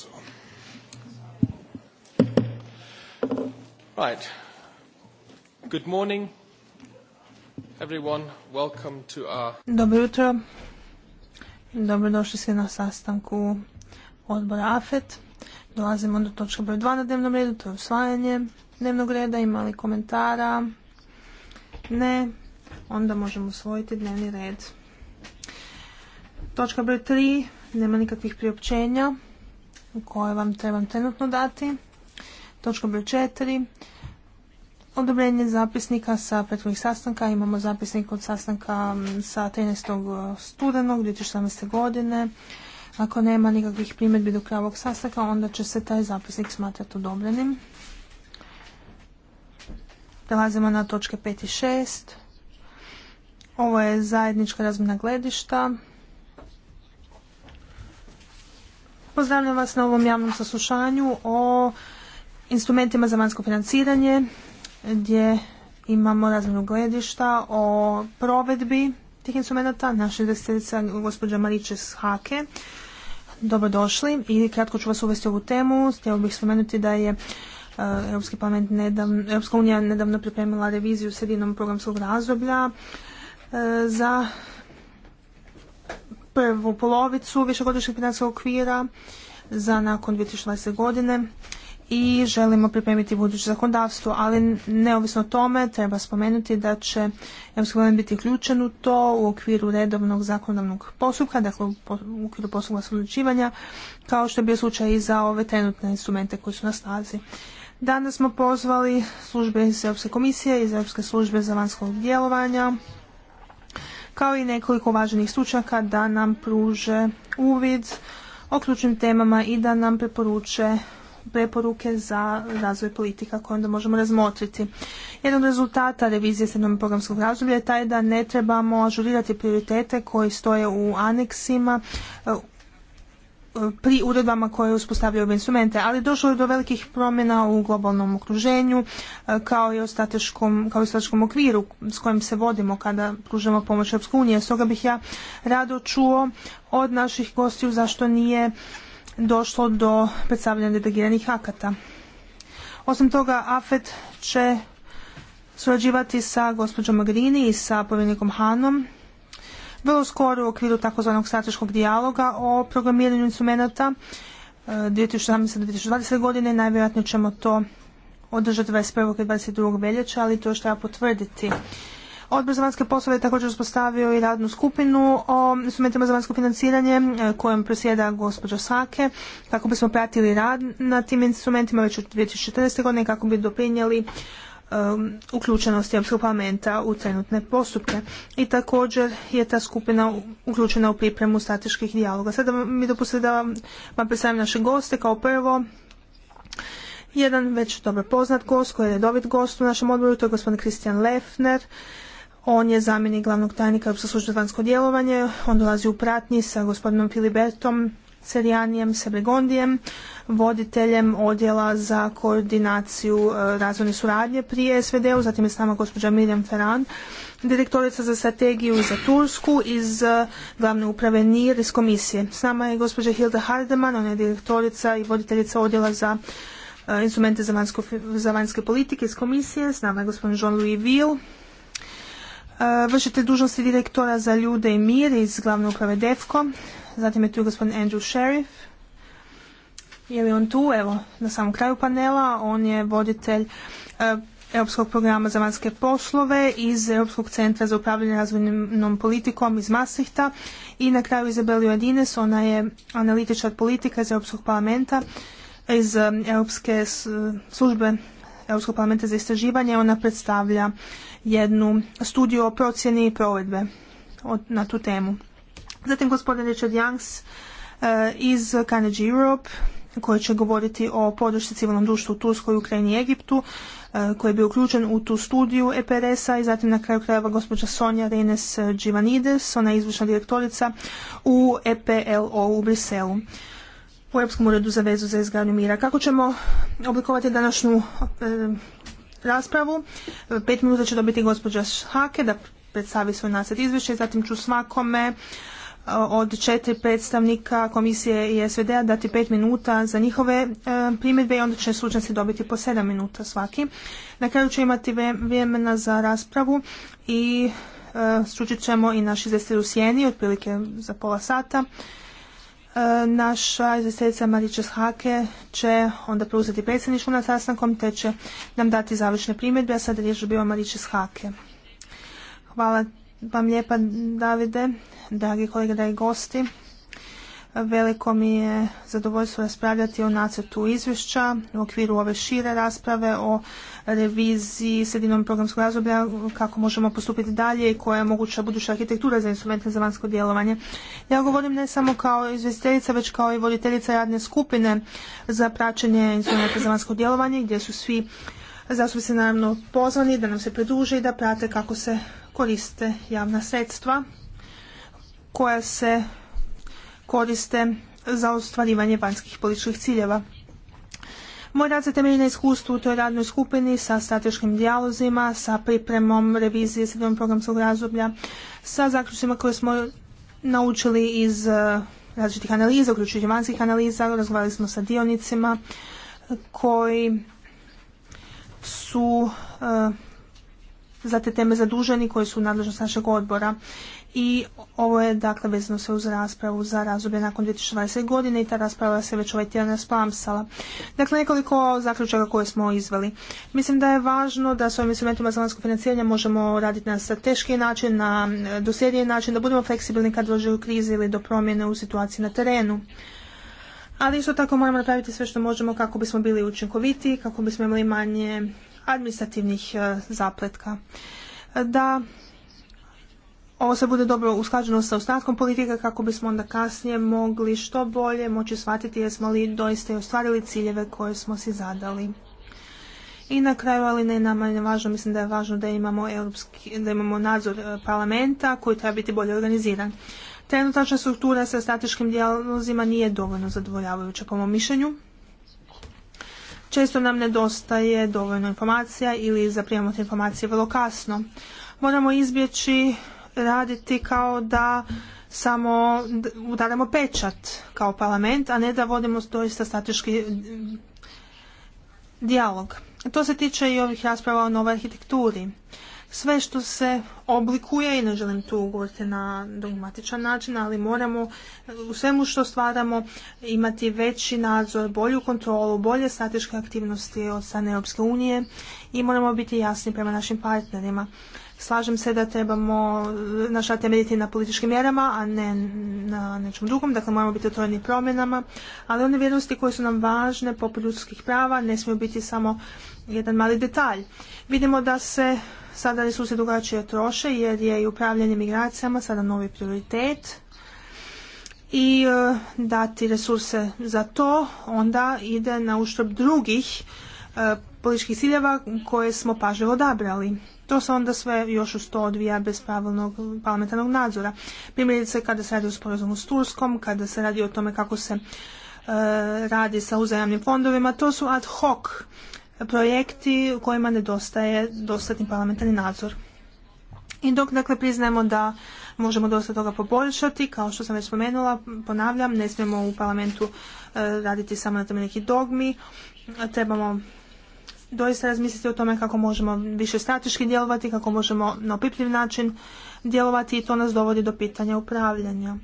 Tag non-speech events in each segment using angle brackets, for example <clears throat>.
So. Right. Good morning, everyone. Welcome to our... Dobro jutro. Dobrodošli svi na sastanku odbora AFET. Dolazimo do točka broj 2 na dnevnom redu, to je usvajanje dnevnog reda. Ima li komentara? Ne. Onda možemo usvojiti dnevni red. Točka broj 3. Nema nikakvih priopćenja koje vam trebam trenutno dati. Točka broj četiri. Odobrenje zapisnika sa prethodnih sastanka. Imamo zapisnik od sastanka sa 13. E, studenog 2017. godine. Ako nema nikakvih primjedbi do kraja ovog sastanka, onda će se taj zapisnik smatrati odobrenim. Prelazimo na točke 5 i 6. Ovo je zajednička razmjena gledišta Pozdravljam vas na ovom javnom saslušanju o instrumentima za vanjsko financiranje gdje imamo razmjenu gledišta o provedbi tih instrumenta. Naša investicija gospođa s Hake. Dobrodošli i kratko ću vas uvesti ovu temu. htjela bih spomenuti da je eh, Europski parlament nedavno, Europska unija nedavno pripremila reviziju sredinom programskog razdoblja eh, za prvu polovicu višegodišnjeg financijskog okvira za nakon 2020. godine i želimo pripremiti buduće zakonodavstvo, ali neovisno o tome treba spomenuti da će Europski biti uključen u to u okviru redovnog zakonodavnog postupka, dakle u okviru postupka odlučivanja, kao što je bio slučaj i za ove trenutne instrumente koji su na snazi. Danas smo pozvali službe iz Europske komisije, iz Europske službe za vanjskog djelovanja, kao i nekoliko važnih stručnjaka da nam pruže uvid o ključnim temama i da nam preporuče preporuke za razvoj politika koje onda možemo razmotriti. Jedan od rezultata revizije sedmog programskog razdoblja je taj da ne trebamo ažurirati prioritete koji stoje u aneksima pri uredbama koje uspostavljaju ove instrumente, ali došlo je do velikih promjena u globalnom okruženju e, kao i u strateškom, kao i strateškom okviru s kojim se vodimo kada pružamo pomoć Europske unije. Stoga bih ja rado čuo od naših gostiju zašto nije došlo do predstavljanja delegiranih akata. Osim toga, AFET će surađivati sa gospođom Magrini i sa povjerenikom Hanom vrlo skoro u okviru takozvanog strateškog dijaloga o programiranju instrumenta 2017-2020 e, godine. Najvjerojatnije ćemo to održati 21. i 22. veljače, ali to još treba potvrditi. Odbor za vanjske poslove je također uspostavio i radnu skupinu o instrumentima za vanjsko financiranje e, kojom presjeda gospođa Sake kako bismo pratili rad na tim instrumentima već od 2014. godine kako bi doprinijeli Um, uključenosti Europskog parlamenta u trenutne postupke. I također je ta skupina uključena u pripremu strateških dijaloga. Sada mi dopustite da vam, predstavim naše goste. Kao prvo, jedan već dobro poznat gost koji je redovit gost u našem odboru, to je gospodin Kristijan Lefner. On je zamjenik glavnog tajnika Europske službe vanjsko djelovanje. On dolazi u pratnji sa gospodinom Filibertom Serijanjem Sebregondijem, voditeljem odjela za koordinaciju e, razvojne suradnje pri SVD-u, zatim je s nama gospođa Mirjam Ferran, direktorica za strategiju za Tursku iz e, glavne uprave NIR iz komisije. S nama je gospođa Hilda Hardeman, ona je direktorica i voditeljica odjela za e, instrumente za, vanjske politike iz komisije. S nama je gospodin Jean-Louis Ville, vršite dužnosti direktora za ljude i mir iz glavne uprave DEFCO. Zatim je tu gospodin Andrew Sheriff. Je li on tu? Evo, na samom kraju panela. On je voditelj e, Europskog programa za vanjske poslove iz Europskog centra za upravljanje razvojnom politikom iz Masihta. i na kraju Izabelio Adines, ona je analitičar politika iz Europskog parlamenta iz e, Europske službe Europskog parlamenta za istraživanje. Ona predstavlja jednu studiju o procjeni i provedbe na tu temu. Zatim gospodin Richard Youngs eh, iz Carnegie Europe koji će govoriti o podršci civilnom društvu u Turskoj, Ukrajini i Egiptu eh, koji je bio uključen u tu studiju EPRS-a i zatim na kraju krajeva gospođa Sonja Reines Givanides, ona je izvršna direktorica u EPLO u Briselu u Europskom uredu za vezu za izgradnju mira. Kako ćemo oblikovati današnju eh, raspravu? Pet minuta će dobiti gospođa Hake da predstavi svoj nacrt izvješća i zatim ću svakome od četiri predstavnika komisije i SVD-a dati pet minuta za njihove e, primjedbe i onda će slučajci dobiti po sedam minuta svaki. Na kraju će imati vremena za raspravu i e, slučit ćemo i naš izvestir u sjeni, otprilike za pola sata. E, naša izvjestiteljica Marića Hake će onda preuzeti predsjedništvo na sastankom te će nam dati završne primjedbe, a sada riječ bio Marića Hake. Hvala vam lijepa Davide dragi kolege, dragi gosti. Veliko mi je zadovoljstvo raspravljati o nacrtu izvješća u okviru ove šire rasprave o reviziji sredinom programskog razdoblja, kako možemo postupiti dalje i koja je moguća buduća arhitektura za instrumente za vanjsko djelovanje. Ja govorim ne samo kao izvjestiteljica, već kao i voditeljica radne skupine za praćenje instrumenta za vanjsko djelovanje, gdje su svi zastupnici naravno pozvani da nam se pridruže i da prate kako se koriste javna sredstva koja se koriste za ostvarivanje vanjskih političkih ciljeva. Moj rad se temelji na iskustvu u toj radnoj skupini sa strateškim dijalozima, sa pripremom revizije sedmog programskog razdoblja, sa zaključcima koje smo naučili iz eh, različitih analiza, uključujući vanjskih analiza, razgovarali smo sa dionicima koji su eh, za te teme zaduženi, koji su nadležnosti našeg odbora i ovo je dakle vezano se uz raspravu za razdoblje nakon 2020. godine i ta rasprava se već ovaj tjedan rasplamsala. Dakle, nekoliko zaključaka koje smo izveli. Mislim da je važno da s ovim instrumentima za vanjsko financiranje možemo raditi na strateški način, na e, dosljedniji način, da budemo fleksibilni kad dođe u krizi ili do promjene u situaciji na terenu. Ali isto tako moramo napraviti sve što možemo kako bismo bili učinkoviti, kako bismo imali manje administrativnih e, zapletka. Da ovo se bude dobro usklađeno sa ostatkom politike kako bismo onda kasnije mogli što bolje moći shvatiti jesmo li doista i ostvarili ciljeve koje smo si zadali. I na kraju, ali ne nama je važno, mislim da je važno da imamo, da imamo nadzor e, parlamenta koji treba biti bolje organiziran. Trenutačna struktura sa strateškim dijalozima nije dovoljno zadovoljavajuća po mom mišljenju. Često nam nedostaje dovoljno informacija ili zaprimamo te informacije vrlo kasno. Moramo izbjeći raditi kao da samo udaramo pečat kao parlament, a ne da vodimo doista strateški dijalog. To se tiče i ovih rasprava o novoj arhitekturi. Sve što se oblikuje, i ne želim tu govoriti na dogmatičan način, ali moramo u svemu što stvaramo imati veći nadzor, bolju kontrolu, bolje strateške aktivnosti od strane Europske unije i moramo biti jasni prema našim partnerima slažem se da trebamo naša temeljiti na političkim mjerama, a ne na nečem drugom, dakle moramo biti otvoreni promjenama, ali one vrijednosti koje su nam važne poput ljudskih prava ne smiju biti samo jedan mali detalj. Vidimo da se sada resursi drugačije troše jer je i upravljanje migracijama sada novi prioritet i e, dati resurse za to onda ide na uštrb drugih e, političkih ciljeva koje smo pažljivo odabrali. To se onda sve još uz to odvija bez pravilnog parlamentarnog nadzora. Primjerice kada se radi o sporazumu s Turskom, kada se radi o tome kako se e, radi sa uzajamnim fondovima, to su ad hoc projekti u kojima nedostaje dostatni parlamentarni nadzor. I dok dakle priznajemo da možemo dosta toga poboljšati, kao što sam već spomenula, ponavljam, ne smijemo u parlamentu e, raditi samo na tome neki dogmi, trebamo doista razmisliti o tome kako možemo više strateški djelovati, kako možemo na opipljiv način djelovati i to nas dovodi do pitanja upravljanja.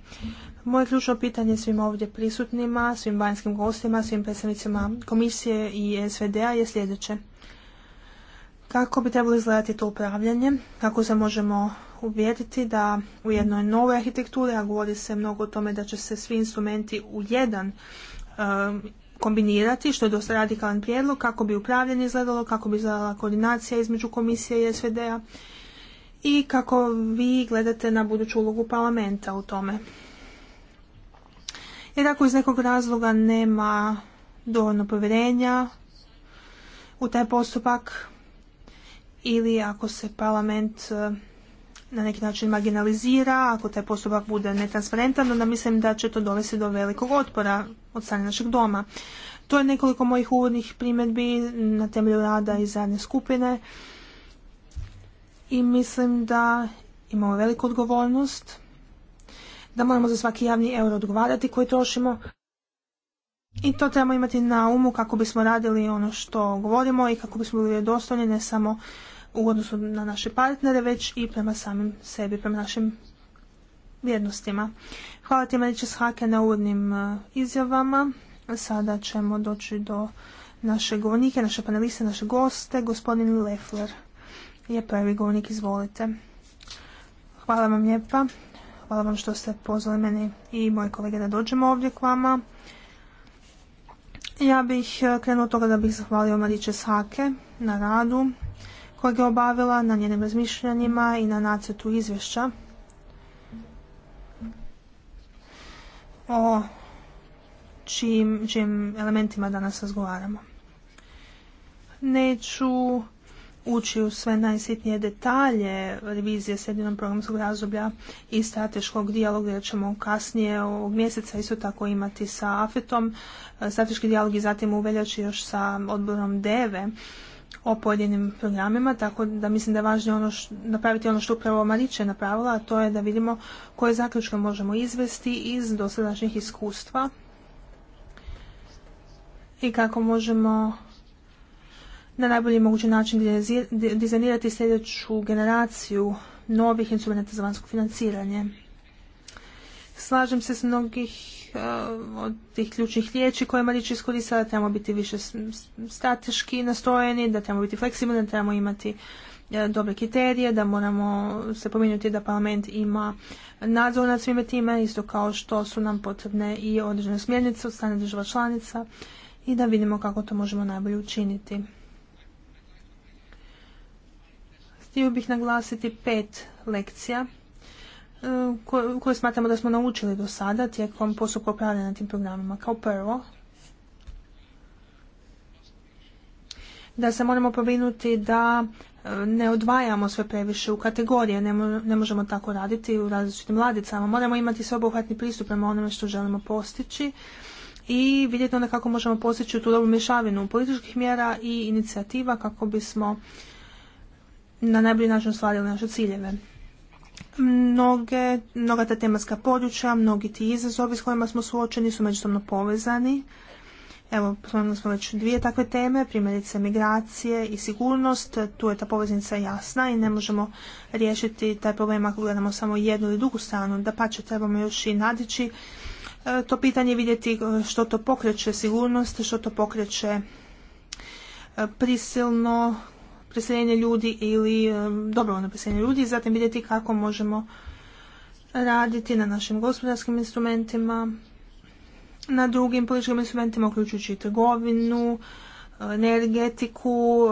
Moje ključno pitanje svim ovdje prisutnima, svim vanjskim gostima, svim predstavnicima komisije i SVD-a je sljedeće. Kako bi trebalo izgledati to upravljanje? Kako se možemo uvjeriti da u jednoj novoj arhitekturi, a govori se mnogo o tome da će se svi instrumenti u jedan kombinirati, što je dosta radikalan prijedlog, kako bi upravljanje izgledalo, kako bi izgledala koordinacija između komisije i SVD-a i kako vi gledate na buduću ulogu parlamenta u tome. Jer ako iz nekog razloga nema dovoljno povjerenja u taj postupak ili ako se parlament na neki način marginalizira, ako taj postupak bude netransparentan, onda mislim da će to dovesti do velikog otpora od strane našeg doma. To je nekoliko mojih uvodnih primjedbi na temelju rada i zadnje skupine i mislim da imamo veliku odgovornost, da moramo za svaki javni euro odgovarati koji trošimo i to trebamo imati na umu kako bismo radili ono što govorimo i kako bismo bili dostojni ne samo u odnosu na naše partnere, već i prema samim sebi, prema našim vrijednostima. Hvala ti Mariće Shake na uvodnim e, izjavama. Sada ćemo doći do naše govornike, naše paneliste, naše goste. Gospodin Leffler je prvi govornik, izvolite. Hvala vam lijepa. Hvala vam što ste pozvali mene i moje kolege da dođemo ovdje k vama. Ja bih e, krenuo toga da bih zahvalio Mariće Shake na radu kojeg je obavila na njenim razmišljanjima i na nacetu izvješća o čijim, čijim elementima danas razgovaramo. Neću ući u sve najsitnije detalje revizije sredinom programskog razdoblja i strateškog dijaloga jer ćemo kasnije ovog mjeseca isto tako imati sa AFET-om strateški dijalog i zatim u veljači još sa odborom DEVE o pojedinim programima, tako da mislim da je važno ono napraviti ono što upravo Marića napravila, a to je da vidimo koje zaključke možemo izvesti iz dosadašnjih iskustva i kako možemo na najbolji mogući način dizajnirati sljedeću generaciju novih instrumenta za vanjsko financiranje. Slažem se s mnogih E, od tih ključnih riječi kojima Marić iskoristila, da trebamo biti više strateški nastrojeni, da trebamo biti fleksibilni, da trebamo imati e, dobre kriterije, da moramo se pominuti da parlament ima nadzor nad svime time, isto kao što su nam potrebne i određene smjernice od strane država članica i da vidimo kako to možemo najbolje učiniti. Htio bih naglasiti pet lekcija koje smatramo da smo naučili do sada tijekom postupka upravljanja na tim programima. Kao prvo, da se moramo pobrinuti da e, ne odvajamo sve previše u kategorije, ne, možemo tako raditi u različitim mladicama, Moramo imati sveobuhvatni pristup prema onome što želimo postići i vidjeti onda kako možemo postići tu dobru mješavinu političkih mjera i inicijativa kako bismo na najbolji način ostvarili naše ciljeve. Mnoge, mnoga ta tematska područja, mnogi ti izazovi s kojima smo suočeni su međusobno povezani. Evo, spomenuli smo već dvije takve teme, primjerice migracije i sigurnost. Tu je ta poveznica jasna i ne možemo riješiti taj problem ako gledamo samo jednu ili drugu stranu. Da će, trebamo još i nadići e, to pitanje vidjeti što to pokreće sigurnost, što to pokreće e, prisilno preseljenje ljudi ili dobrovoljno preseljenje ljudi i zatim vidjeti kako možemo raditi na našim gospodarskim instrumentima, na drugim političkim instrumentima, uključujući trgovinu, energetiku,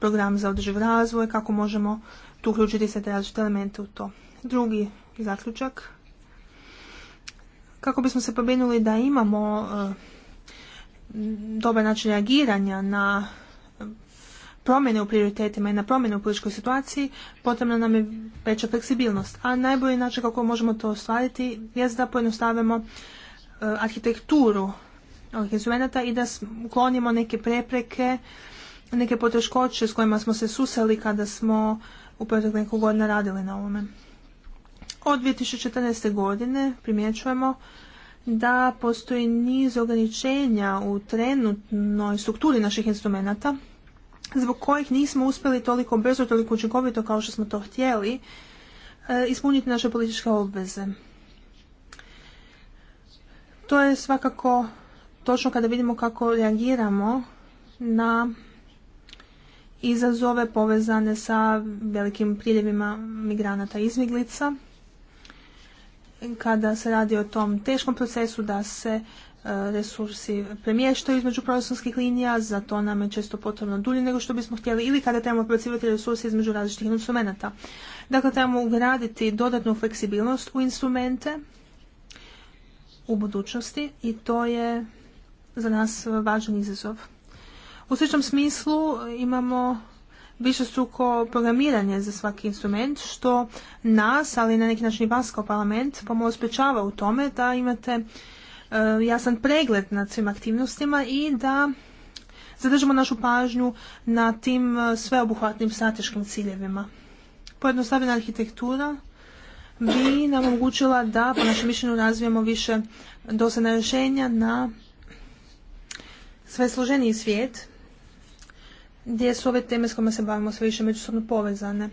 program za održiv razvoj, kako možemo tu uključiti sve te različite elemente u to. Drugi zaključak, kako bismo se pobrinuli da imamo dobar način reagiranja na promjene u prioritetima i na promjene u političkoj situaciji, potrebna nam je veća fleksibilnost. A najbolji način kako možemo to ostvariti je da pojednostavimo e, arhitekturu ovih instrumenta i da uklonimo neke prepreke, neke poteškoće s kojima smo se suseli kada smo u protek nekog godina radili na ovome. Od 2014. godine primjećujemo da postoji niz ograničenja u trenutnoj strukturi naših instrumenata zbog kojih nismo uspjeli toliko brzo, toliko učinkovito kao što smo to htjeli e, ispuniti naše političke obveze. To je svakako točno kada vidimo kako reagiramo na izazove povezane sa velikim priljevima migranata i izmiglica. Kada se radi o tom teškom procesu da se E, resursi premještaju između proračunskih linija, za to nam je često potrebno dulje nego što bismo htjeli ili kada trebamo prebacivati resursi između različitih instrumenta. Dakle, trebamo ugraditi dodatnu fleksibilnost u instrumente u budućnosti i to je za nas važan izazov. U sličnom smislu imamo više struko programiranje za svaki instrument, što nas, ali na neki način i vas kao parlament, pomalo sprečava u tome da imate E, jasan pregled nad svim aktivnostima i da zadržimo našu pažnju na tim e, sveobuhvatnim strateškim ciljevima. Pojednostavljena arhitektura bi nam omogućila da, po našem mišljenju, razvijemo više dosadne rješenja na sve složeniji svijet, gdje su ove teme s kojima se bavimo sve više međusobno povezane.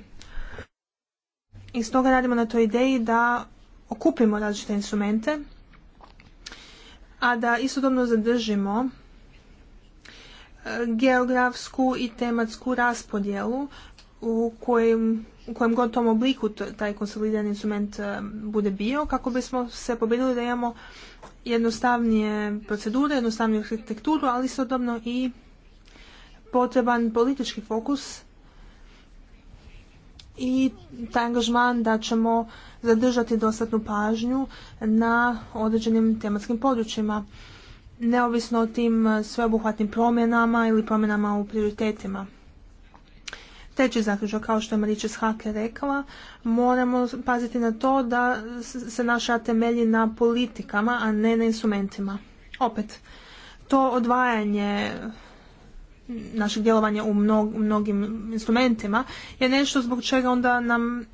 I stoga radimo na toj ideji da okupimo različite instrumente a da istodobno zadržimo e, geografsku i tematsku raspodjelu u kojem, u kojem god tom obliku taj konsolidirani instrument e, bude bio kako bismo se pobjedili da imamo jednostavnije procedure, jednostavniju arhitekturu, ali istodobno i potreban politički fokus i taj angažman da ćemo zadržati dostatnu pažnju na određenim tematskim područjima, neovisno o tim sveobuhvatnim promjenama ili promjenama u prioritetima. Treći zaključak, kao što je Maričes Hake rekla, moramo paziti na to da se naša temelji na politikama, a ne na instrumentima. Opet, to odvajanje našeg djelovanja u mnogim instrumentima je nešto zbog čega onda nam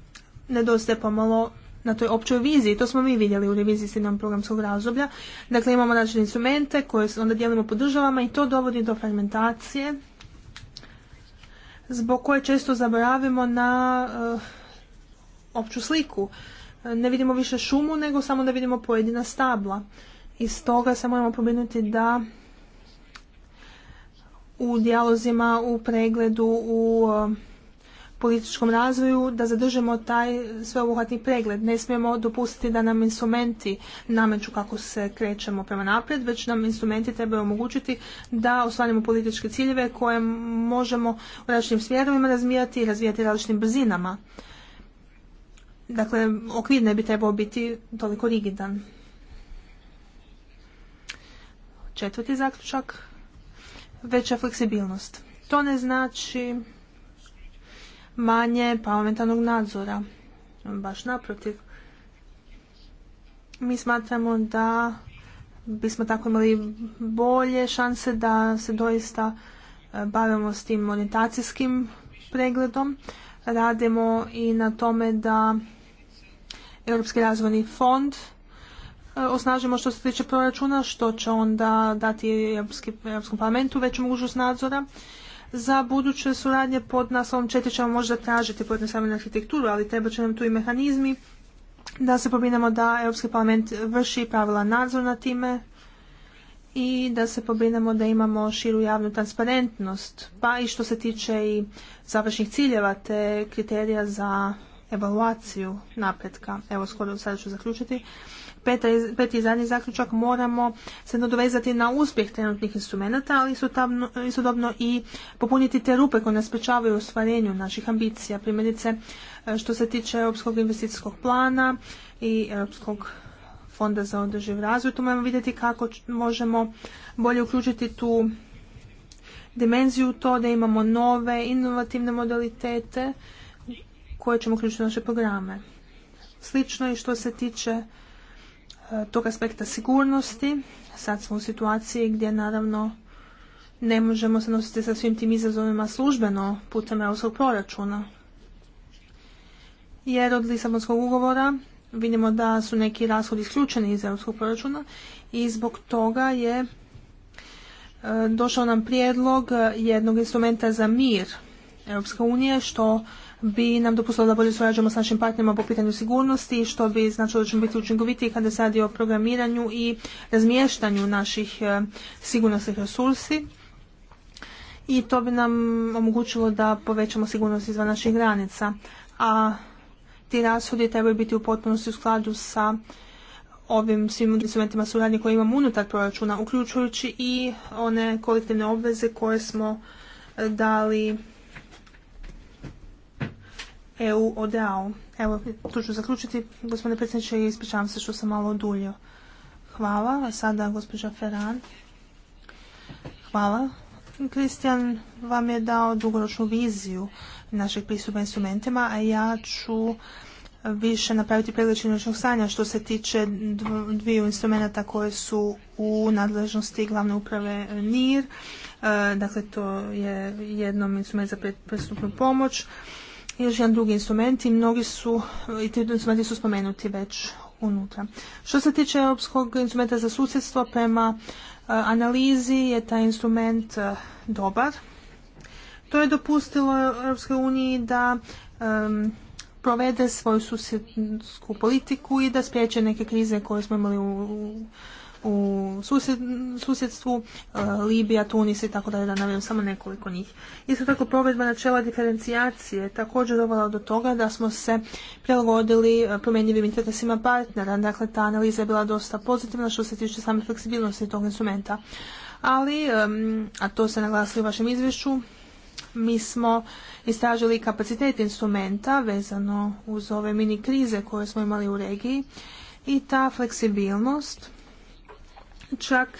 nedostaje pomalo na toj općoj viziji. To smo mi vidjeli u reviziji sedam programskog razdoblja. Dakle, imamo različite instrumente koje onda dijelimo po državama i to dovodi do fragmentacije zbog koje često zaboravimo na eh, opću sliku. Ne vidimo više šumu nego samo da vidimo pojedina stabla. I stoga se moramo pobrinuti da u dijalozima, u pregledu, u um, političkom razvoju da zadržimo taj sveobuhvatni pregled. Ne smijemo dopustiti da nam instrumenti nameću kako se krećemo prema naprijed, već nam instrumenti trebaju omogućiti da ostvarimo političke ciljeve koje možemo u različitim smjerovima razvijati i razvijati različitim brzinama. Dakle, okvir ne bi trebao biti toliko rigidan. Četvrti zaključak veća fleksibilnost. To ne znači manje parlamentarnog nadzora. Baš naprotiv. Mi smatramo da bismo tako imali bolje šanse da se doista e, bavimo s tim orientacijskim pregledom. Radimo i na tome da Europski razvojni fond E, osnažimo što se tiče proračuna, što će onda dati Europskom parlamentu veću mogućnost nadzora. Za buduće suradnje pod naslovom četiri ćemo možda tražiti pojednostavljenu arhitekturu, ali treba će nam tu i mehanizmi da se pobrinemo da Europski parlament vrši pravila nadzor na time i da se pobrinemo da imamo širu javnu transparentnost, pa i što se tiče i završnih ciljeva te kriterija za evaluaciju napretka. Evo, skoro sada ću zaključiti peti zadnji zaključak, moramo se nadovezati na uspjeh trenutnih instrumenta, ali istodobno i popuniti te rupe koje nas sprečavaju u ostvarenju naših ambicija. Primjerice, e, što se tiče Europskog investicijskog plana i Europskog fonda za održiv razvoj, tu moramo vidjeti kako možemo bolje uključiti tu dimenziju to da imamo nove inovativne modalitete koje ćemo uključiti u naše programe. Slično i što se tiče tog aspekta sigurnosti. Sad smo u situaciji gdje naravno ne možemo se nositi sa svim tim izazovima službeno putem europskog proračuna. Jer od Lisabonskog ugovora vidimo da su neki rashodi isključeni iz europskog proračuna i zbog toga je e, došao nam prijedlog jednog instrumenta za mir Europske unije što bi nam dopustilo da bolje surađujemo s našim partnerima po pitanju sigurnosti, što bi značilo da ćemo biti učinkovitiji kada se radi o programiranju i razmještanju naših e, sigurnosnih resursi i to bi nam omogućilo da povećamo sigurnost izvan naših granica. A ti rashodi trebaju biti u potpunosti u skladu sa ovim svim instrumentima suradnje koje imamo unutar proračuna, uključujući i one kolektivne obveze koje smo e, dali EU ODAO. E Evo, tu ću zaključiti, gospodine predsjedniče, i ispričavam se što sam malo oduljio. Hvala. A sada gospođa Ferran. Hvala. Kristijan vam je dao dugoročnu viziju našeg pristupa instrumentima, a ja ću više napraviti pregled činjeničnog stanja što se tiče dviju instrumenta koje su u nadležnosti glavne uprave NIR. E, dakle, to je jednom instrument za pristupnu pomoć još jedan drugi instrument i mnogi su, i ti instrumenti su spomenuti već unutra. Što se tiče Europskog instrumenta za susjedstvo, prema e, analizi je taj instrument e, dobar. To je dopustilo Europskoj uniji da provede svoju susjedsku politiku i da spriječe neke krize koje smo imali u u susjedstvu, e, Libija, Tunis i tako dalje, da navijem samo nekoliko njih. Isto tako provedba načela diferencijacije također dovela do toga da smo se prilagodili e, promjenjivim interesima partnera. Dakle, ta analiza je bila dosta pozitivna što se tiče same fleksibilnosti tog instrumenta. Ali, e, a to se naglasili u vašem izvješću, mi smo istražili kapacitet instrumenta vezano uz ove mini krize koje smo imali u regiji i ta fleksibilnost čak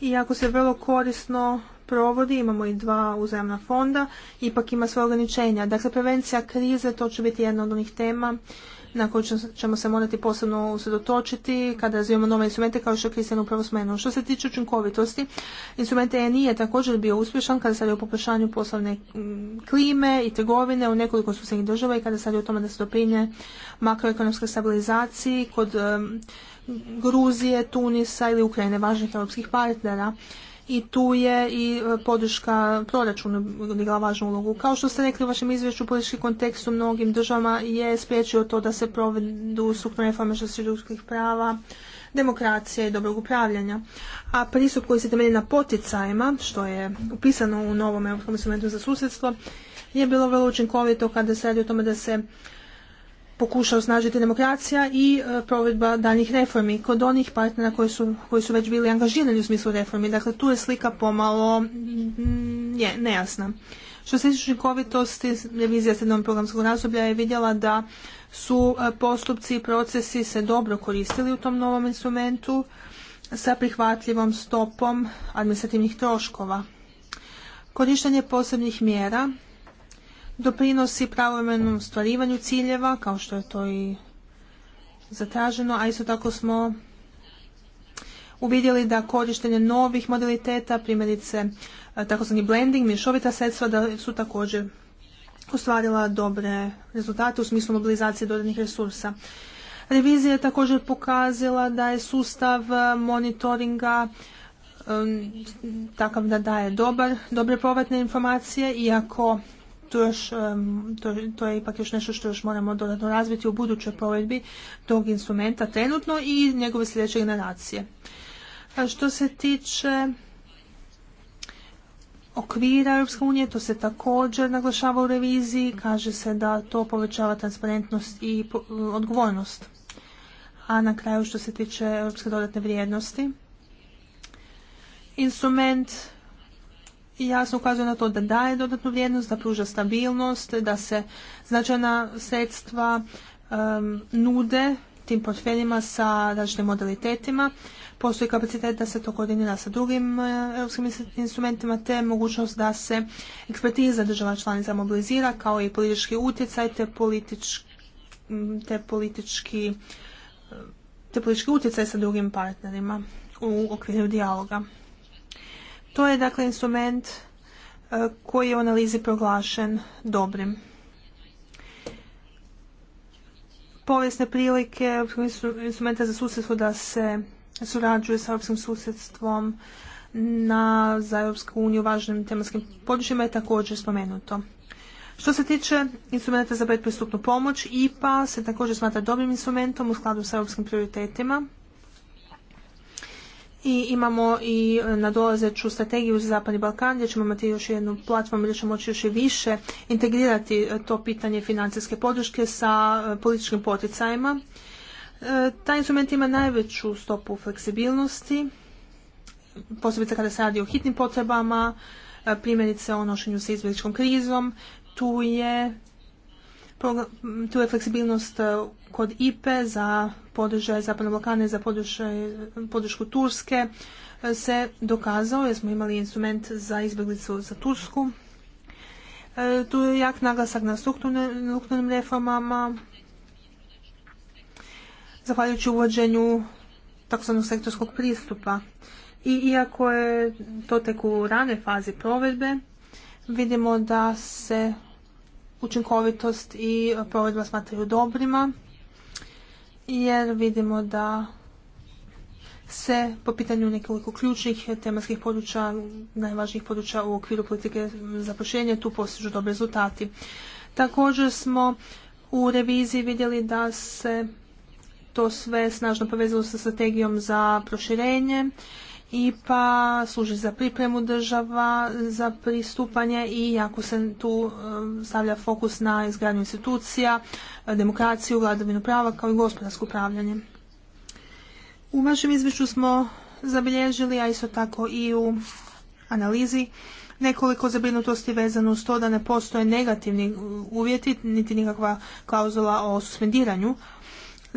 iako ako se vrlo korisno provodi, imamo i dva uzajamna fonda, ipak ima svoje ograničenja. Dakle, prevencija krize, to će biti jedna od onih tema na koju ćemo se morati posebno usredotočiti kada razvijemo nove instrumente kao što je Kristijan upravo smenuo Što se tiče učinkovitosti, instrument E nije također bio uspješan kada se radi o poboljšanju poslovne klime i trgovine u nekoliko susjednih država i kada se radi o tome da se doprinje makroekonomskoj stabilizaciji kod Gruzije, Tunisa ili Ukrajine, važnih europskih partnera. I tu je i e, podrška proračunu odigrala važnu ulogu. Kao što ste rekli u vašem izvješću, politički kontekst u mnogim državama je spriječio to da se provedu strukturne reforme što ljudskih prava, demokracije i dobrog upravljanja. A pristup koji se temelji na poticajima, što je upisano u novom Europskom instrumentu za susjedstvo, je bilo vrlo učinkovito kada se radi o tome da se pokuša osnažiti demokracija i e, provedba daljnjih reformi kod onih partnera koji su, koji su već bili angažirani u smislu reformi. Dakle, tu je slika pomalo je, nejasna. Što se tiče učinkovitosti, revizija srednog programskog razdoblja je vidjela da su e, postupci i procesi se dobro koristili u tom novom instrumentu sa prihvatljivom stopom administrativnih troškova. Korištenje posebnih mjera doprinosi pravovremenom stvarivanju ciljeva, kao što je to i zatraženo, a isto tako smo uvidjeli da korištenje novih modaliteta, primjerice e, takozvani blending, mješovita sredstva, da su također ostvarila dobre rezultate u smislu mobilizacije dodanih resursa. Revizija je također pokazala da je sustav e, monitoringa e, takav da daje dobre povratne informacije, iako još, to, je ipak još nešto što još moramo dodatno razviti u budućoj provedbi tog instrumenta trenutno i njegove sljedeće generacije. A što se tiče okvira Europske unije, to se također naglašava u reviziji, kaže se da to povećava transparentnost i odgovornost. A na kraju što se tiče Europske dodatne vrijednosti, instrument jasno ukazuje na to da daje dodatnu vrijednost, da pruža stabilnost, da se značajna sredstva nude tim portfeljima sa različitim modalitetima. Postoji kapacitet da se to koordinira sa drugim e, europskim instrumentima te mogućnost da se ekspertiza država članica mobilizira kao i politički utjecaj te politički, te politički, e, te politički utjecaj sa drugim partnerima u okviru dijaloga. To je dakle instrument e, koji je u analizi proglašen dobrim. Povijesne prilike instrumenta za susjedstvo da se surađuje sa Europskim susjedstvom na za Europsku uniju važnim tematskim područjima je također spomenuto. Što se tiče instrumenta za predpristupnu pomoć, IPA se također smatra dobrim instrumentom u skladu sa europskim prioritetima i imamo i e, nadolazeću strategiju za Zapadni Balkan gdje ćemo imati još jednu platformu gdje ćemo moći još i više integrirati e, to pitanje financijske podrške sa e, političkim poticajima. Taj instrument ima najveću stopu fleksibilnosti, posebice kada se radi o hitnim potrebama, primjerice o nošenju sa izbjegličkom krizom, tu je tu je fleksibilnost kod IPE za podržaj Zapadne Balkane za podršku Turske e, se dokazao jer smo imali instrument za izbjeglicu za Tursku. E, tu je jak naglasak na strukturnim reformama, zahvaljujući uvođenju takozvanog sektorskog pristupa. I iako je to tek u ranoj fazi provedbe, vidimo da se učinkovitost i provedba smatraju dobrima jer vidimo da se po pitanju nekoliko ključnih tematskih područja, najvažnijih područja u okviru politike zapošljenja tu postižu dobri rezultati. Također smo u reviziji vidjeli da se to sve snažno povezalo sa strategijom za proširenje i pa služi za pripremu država, za pristupanje i jako se tu e, stavlja fokus na izgradnju institucija, demokraciju, vladavinu prava kao i gospodarsko upravljanje. U vašem izvješću smo zabilježili, a isto tako i u analizi, nekoliko zabrinutosti vezano uz to da ne postoje negativni uvjeti, niti nikakva klauzula o suspendiranju,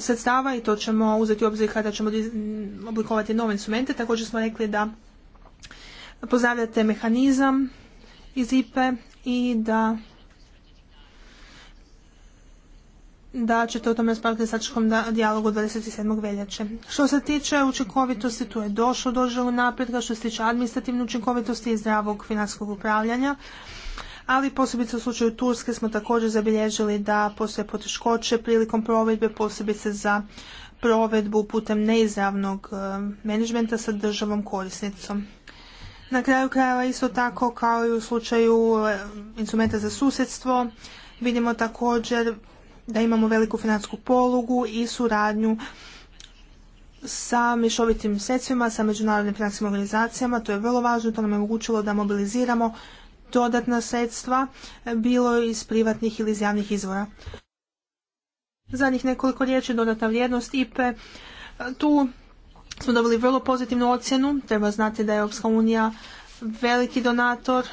sredstava i to ćemo uzeti u obzir kada ćemo oblikovati nove instrumente. Također smo rekli da pozdravljate mehanizam iz IPE i da da ćete o tome raspravljati sa čakom dijalogu 27. veljače. Što se tiče učinkovitosti, tu je došlo do napredka, što se tiče administrativne učinkovitosti i zdravog financijskog upravljanja ali posebice u slučaju Turske smo također zabilježili da postoje poteškoće prilikom provedbe, posebice za provedbu putem neizravnog e, menadžmenta sa državom korisnicom. Na kraju krajeva isto tako kao i u slučaju e, instrumenta za susjedstvo vidimo također da imamo veliku financijsku polugu i suradnju sa mišovitim sredstvima, sa međunarodnim financijskim organizacijama. To je vrlo važno, to nam je omogućilo da mobiliziramo dodatna sredstva e, bilo iz privatnih ili iz javnih izvora. Zadnjih nekoliko riječi dodatna vrijednost IPE. Tu smo dobili vrlo pozitivnu ocjenu. Treba znati da je Europska unija veliki donator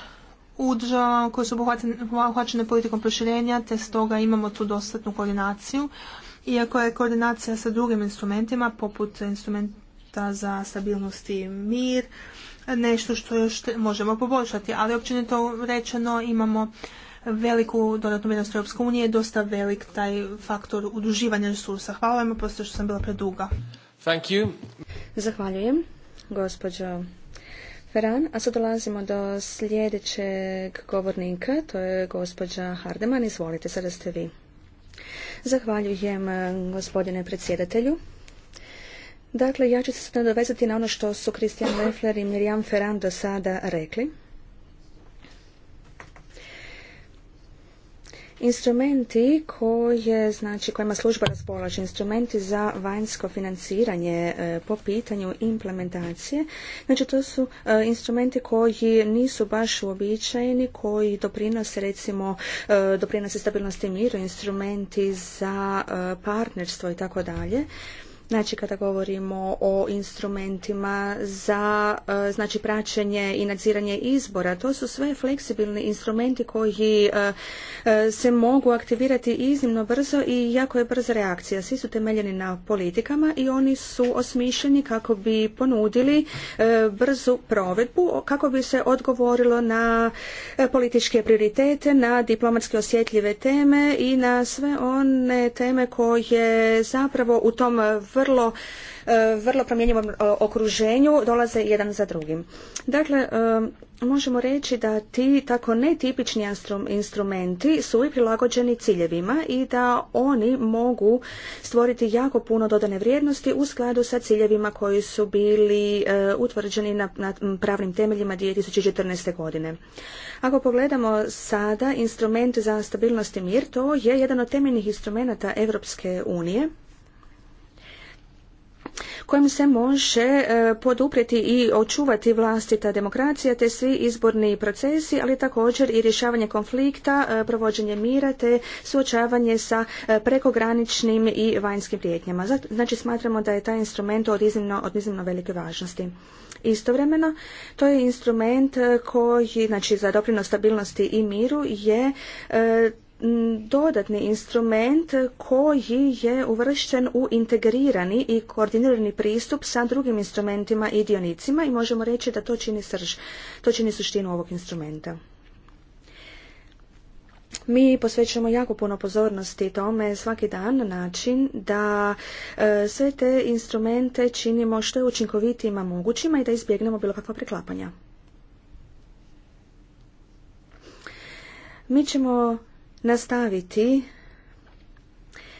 u državama koje su obuhvaćene politikom proširenja, te stoga imamo tu dostatnu koordinaciju. Iako je koordinacija sa drugim instrumentima, poput instrumenta za stabilnost i mir, nešto što još možemo poboljšati, ali općenito rečeno imamo veliku dodatnu vrijednost Europske unije, dosta velik taj faktor uduživanja resursa. Hvala vam, što sam bila preduga. Thank you. Zahvaljujem, gospođo Ferran. A sad dolazimo do sljedećeg govornika, to je gospođa Hardeman. Izvolite, sada ste vi. Zahvaljujem gospodine predsjedatelju. Dakle, ja ću se sada dovezati na ono što su Kristijan Leffler i Mirjam Ferrand do sada rekli. Instrumenti koje, znači, kojima služba raspolaže, instrumenti za vanjsko financiranje e, po pitanju implementacije, znači to su e, instrumenti koji nisu baš uobičajeni, koji doprinose recimo, e, doprinose stabilnosti miru, instrumenti za partnerstvo i tako dalje. Znači kada govorimo o instrumentima za e, znači praćenje i nadziranje izbora, to su sve fleksibilni instrumenti koji e, e, se mogu aktivirati iznimno brzo i jako je brza reakcija. Svi su temeljeni na politikama i oni su osmišljeni kako bi ponudili brzu provedbu, kako bi se odgovorilo na političke prioritete, na diplomatske osjetljive teme i na sve one teme koje zapravo u tom vrlo, e, vrlo promjenjivom e, okruženju dolaze jedan za drugim. Dakle, e, možemo reći da ti tako netipični instrumenti su i prilagođeni ciljevima i da oni mogu stvoriti jako puno dodane vrijednosti u skladu sa ciljevima koji su bili utvrđeni na, pravnim temeljima 2014. godine. Ako pogledamo sada instrument za stabilnost i mir, to je jedan od temeljnih instrumenata Europske unije kojim se može e, poduprijeti i očuvati vlastita demokracija te svi izborni procesi, ali također i rješavanje konflikta, e, provođenje mira te suočavanje sa e, prekograničnim i vanjskim prijetnjama. Znači smatramo da je taj instrument od iznimno, od iznimno velike važnosti. Istovremeno, to je instrument koji, znači za doprinos stabilnosti i miru je dodatni instrument koji je uvršten u integrirani i koordinirani pristup sa drugim instrumentima i dionicima i možemo reći da to čini srž, to čini suštinu ovog instrumenta. Mi posvećujemo jako puno pozornosti tome svaki dan na način da e, sve te instrumente činimo što je učinkovitijima mogućima i da izbjegnemo bilo kakva preklapanja. Mi ćemo nastaviti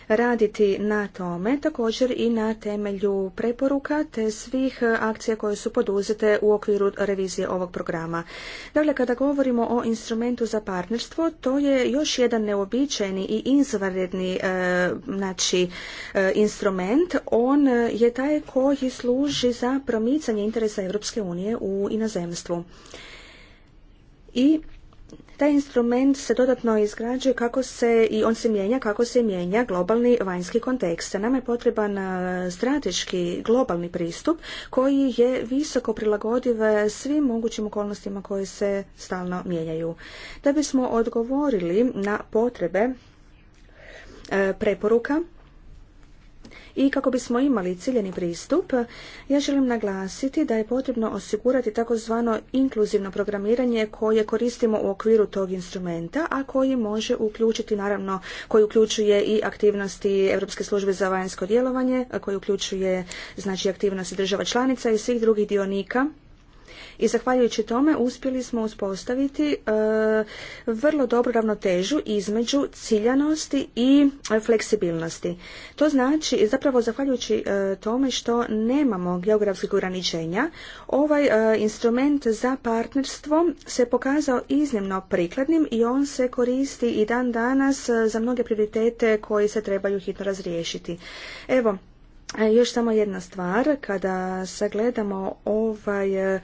raditi na tome, također i na temelju preporuka te svih akcija koje su poduzete u okviru revizije ovog programa. Dakle, kada govorimo o instrumentu za partnerstvo, to je još jedan neobičajni i izvanredni e, znači, e, instrument. On e, je taj koji služi za promicanje interesa Europske unije u inozemstvu. I taj instrument se dodatno izgrađuje kako se i on se mijenja kako se mijenja globalni vanjski kontekst. Nam je potreban e, strateški globalni pristup koji je visoko prilagodiv e, svim mogućim okolnostima koje se stalno mijenjaju. Da bismo odgovorili na potrebe e, preporuka i kako bismo imali ciljeni pristup, ja želim naglasiti da je potrebno osigurati takozvano inkluzivno programiranje koje koristimo u okviru tog instrumenta, a koji može uključiti naravno, koji uključuje i aktivnosti Europske službe za vanjsko djelovanje, koji uključuje znači aktivnosti država članica i svih drugih dionika i zahvaljujući tome uspjeli smo uspostaviti e, vrlo dobru ravnotežu između ciljanosti i fleksibilnosti. To znači, zapravo zahvaljujući e, tome što nemamo geografskih ograničenja, ovaj e, instrument za partnerstvo se pokazao iznimno prikladnim i on se koristi i dan danas za mnoge prioritete koji se trebaju hitno razriješiti. Evo, E, još samo jedna stvar, kada sagledamo ovaj e,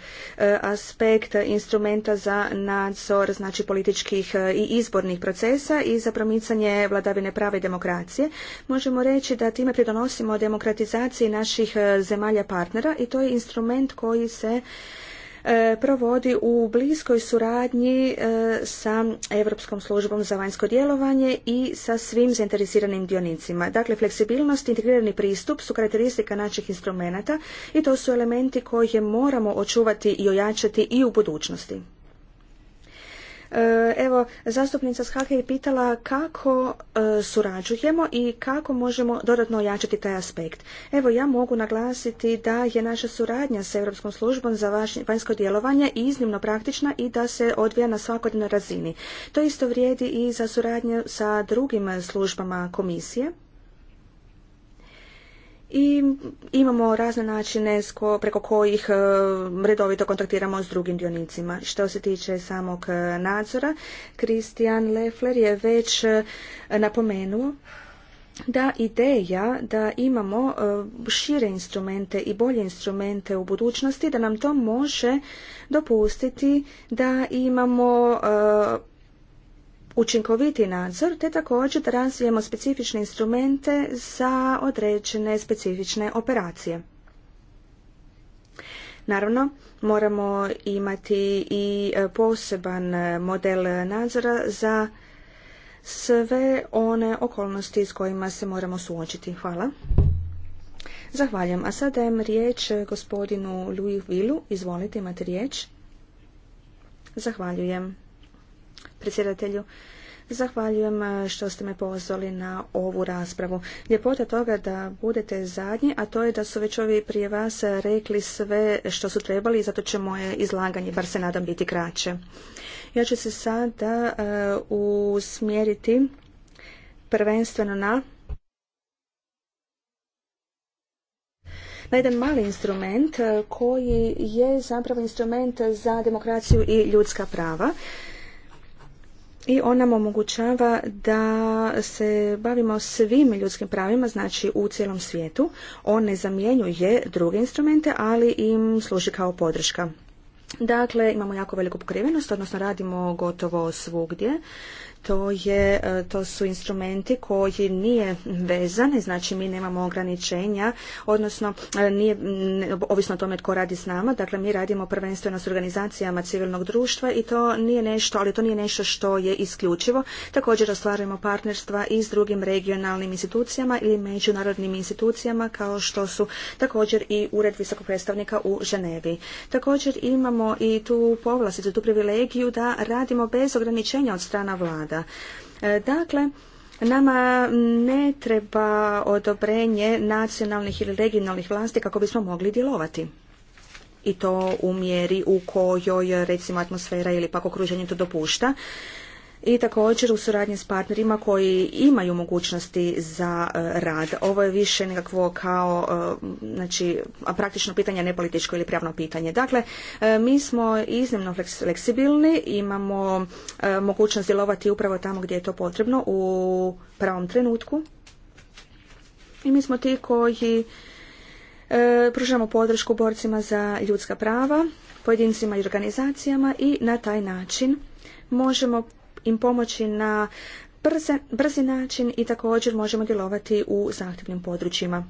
aspekt instrumenta za nadzor znači političkih e, i izbornih procesa i za promicanje vladavine prava i demokracije, možemo reći da time pridonosimo demokratizaciji naših zemalja partnera i to je instrument koji se E, provodi u bliskoj suradnji e, sa Europskom službom za vanjsko djelovanje i sa svim zainteresiranim dionicima. Dakle, fleksibilnost i integrirani pristup su karakteristika naših instrumenata i to su elementi koje moramo očuvati i ojačati i u budućnosti. E, evo, zastupnica Shake je pitala kako e, surađujemo i kako možemo dodatno ojačati taj aspekt. Evo, ja mogu naglasiti da je naša suradnja s Europskom službom za vanjsko djelovanje iznimno praktična i da se odvija na svakodnevnoj razini. To isto vrijedi i za suradnju sa drugim službama komisije i imamo razne načine preko kojih e, redovito kontaktiramo s drugim dionicima. Što se tiče samog e, nadzora, Christian Leffler je već e, napomenuo da ideja da imamo šire instrumente i bolje instrumente u budućnosti, da nam to može dopustiti da imamo učinkoviti nadzor te također da razvijemo specifične instrumente za određene specifične operacije. Naravno, moramo imati i e, poseban e, model nadzora za sve one okolnosti s kojima se moramo suočiti. Hvala. Zahvaljujem. A sada dajem riječ e, gospodinu Louis Vilu. Izvolite, imate riječ. Zahvaljujem predsjedatelju. Zahvaljujem e, što ste me pozvali na ovu raspravu. Ljepota toga da budete zadnji, a to je da su već ovi prije vas rekli sve što su trebali i zato će moje izlaganje, bar se nadam, biti kraće. Ja ću se sada e, usmjeriti prvenstveno na na jedan mali instrument e, koji je zapravo instrument za demokraciju i ljudska prava i on nam omogućava da se bavimo svim ljudskim pravima, znači u cijelom svijetu. On ne zamjenjuje druge instrumente, ali im služi kao podrška. Dakle, imamo jako veliku pokrivenost, odnosno radimo gotovo svugdje to, je, e, to su instrumenti koji nije vezani, znači mi nemamo ograničenja, odnosno e, nije ovisno o tome tko radi s nama, dakle mi radimo prvenstveno s organizacijama civilnog društva i to nije nešto, ali to nije nešto što je isključivo. Također ostvarujemo partnerstva i s drugim regionalnim institucijama ili međunarodnim institucijama kao što su također i Ured visokog predstavnika u Ženevi. Također imamo i tu povlasticu, tu privilegiju da radimo bez ograničenja od strana vlada. E, dakle, Nama ne treba odobrenje nacionalnih ili regionalnih vlasti kako bismo mogli djelovati i to u mjeri u kojoj recimo atmosfera ili pak okruženje to dopušta i također u suradnji s partnerima koji imaju mogućnosti za e, rad. Ovo je više nekakvo kao e, znači, praktično pitanje, ne političko ili pravno pitanje. Dakle, e, mi smo iznimno fleksibilni, imamo mogućnost djelovati upravo tamo gdje je to potrebno u pravom trenutku i mi smo ti koji pružamo podršku borcima za ljudska prava, pojedincima i organizacijama i na taj način možemo im pomoći na brzi način i također možemo djelovati u zahtjevnim područjima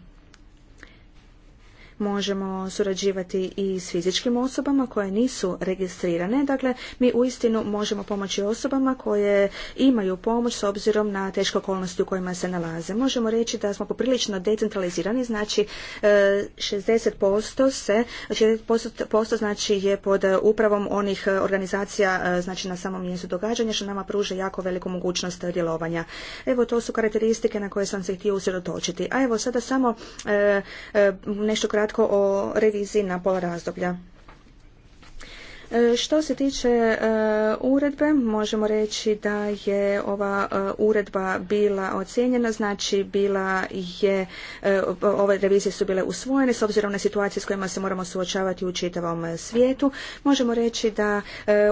možemo surađivati i s fizičkim osobama koje nisu registrirane. Dakle, mi uistinu možemo pomoći osobama koje imaju pomoć s obzirom na teške okolnosti u kojima se nalaze. Možemo reći da smo poprilično decentralizirani, znači 60% e, se, 60% posto znači je pod upravom onih organizacija e, znači na samom mjestu događanja što nama pruža jako veliku mogućnost djelovanja. Evo to su karakteristike na koje sam se htio usredotočiti. A evo sada samo e, nešto kratko kratko o reviziji na pola razdoblja. E, što se tiče e, uredbe, možemo reći da je ova e, uredba bila ocjenjena, znači bila je, ove revizije su bile usvojene s obzirom na situacije s kojima se moramo suočavati u čitavom svijetu. Možemo reći da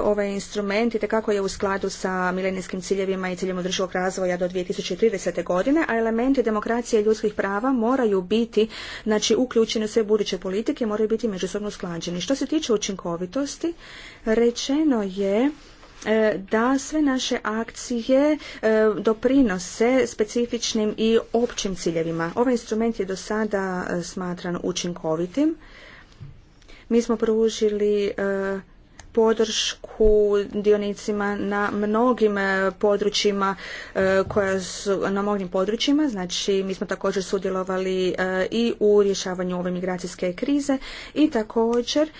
ovaj instrument itekako je u skladu sa milenijskim ciljevima i ciljem održivog razvoja do 2030. godine, a elementi demokracije i ljudskih prava moraju biti znači, uključeni u sve buduće politike, moraju biti međusobno usklađeni. Što se tiče učinkovitosti, Rečeno je e, da sve naše akcije e, doprinose specifičnim i općim ciljevima. Ovaj instrument je do sada e, smatran učinkovitim. Mi smo pružili podršku dionicima na mnogim e, područjima e, koja su na mnogim područjima znači mi smo također sudjelovali e, i u rješavanju ove migracijske krize i također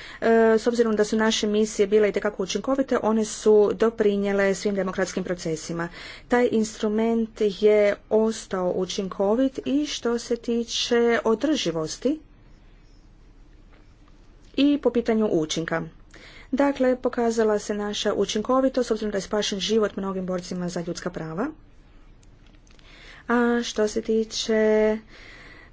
s obzirom da su naše misije bile itekako učinkovite one su doprinjele svim demokratskim procesima taj instrument je ostao učinkovit i što se tiče održivosti i po pitanju učinka Dakle, pokazala se naša učinkovitost, s obzirom da je spašen život mnogim borcima za ljudska prava. A što se tiče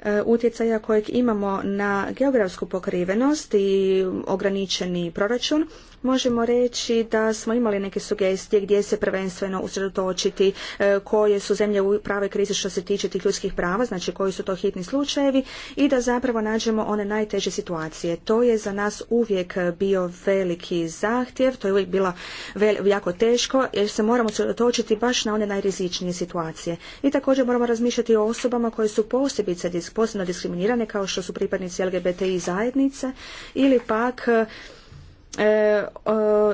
e, utjecaja kojeg imamo na geografsku pokrivenost i ograničeni proračun možemo reći da smo imali neke sugestije gdje se prvenstveno usredotočiti e, koje su zemlje u prave krizi što se tiče tih ljudskih prava, znači koji su to hitni slučajevi i da zapravo nađemo one najteže situacije. To je za nas uvijek bio veliki zahtjev, to je uvijek bila jako teško jer se moramo usredotočiti baš na one najrizičnije situacije. I također moramo razmišljati o osobama koje su posebice posebno diskriminirane kao što su pripadnici LGBTI zajednice ili pak E,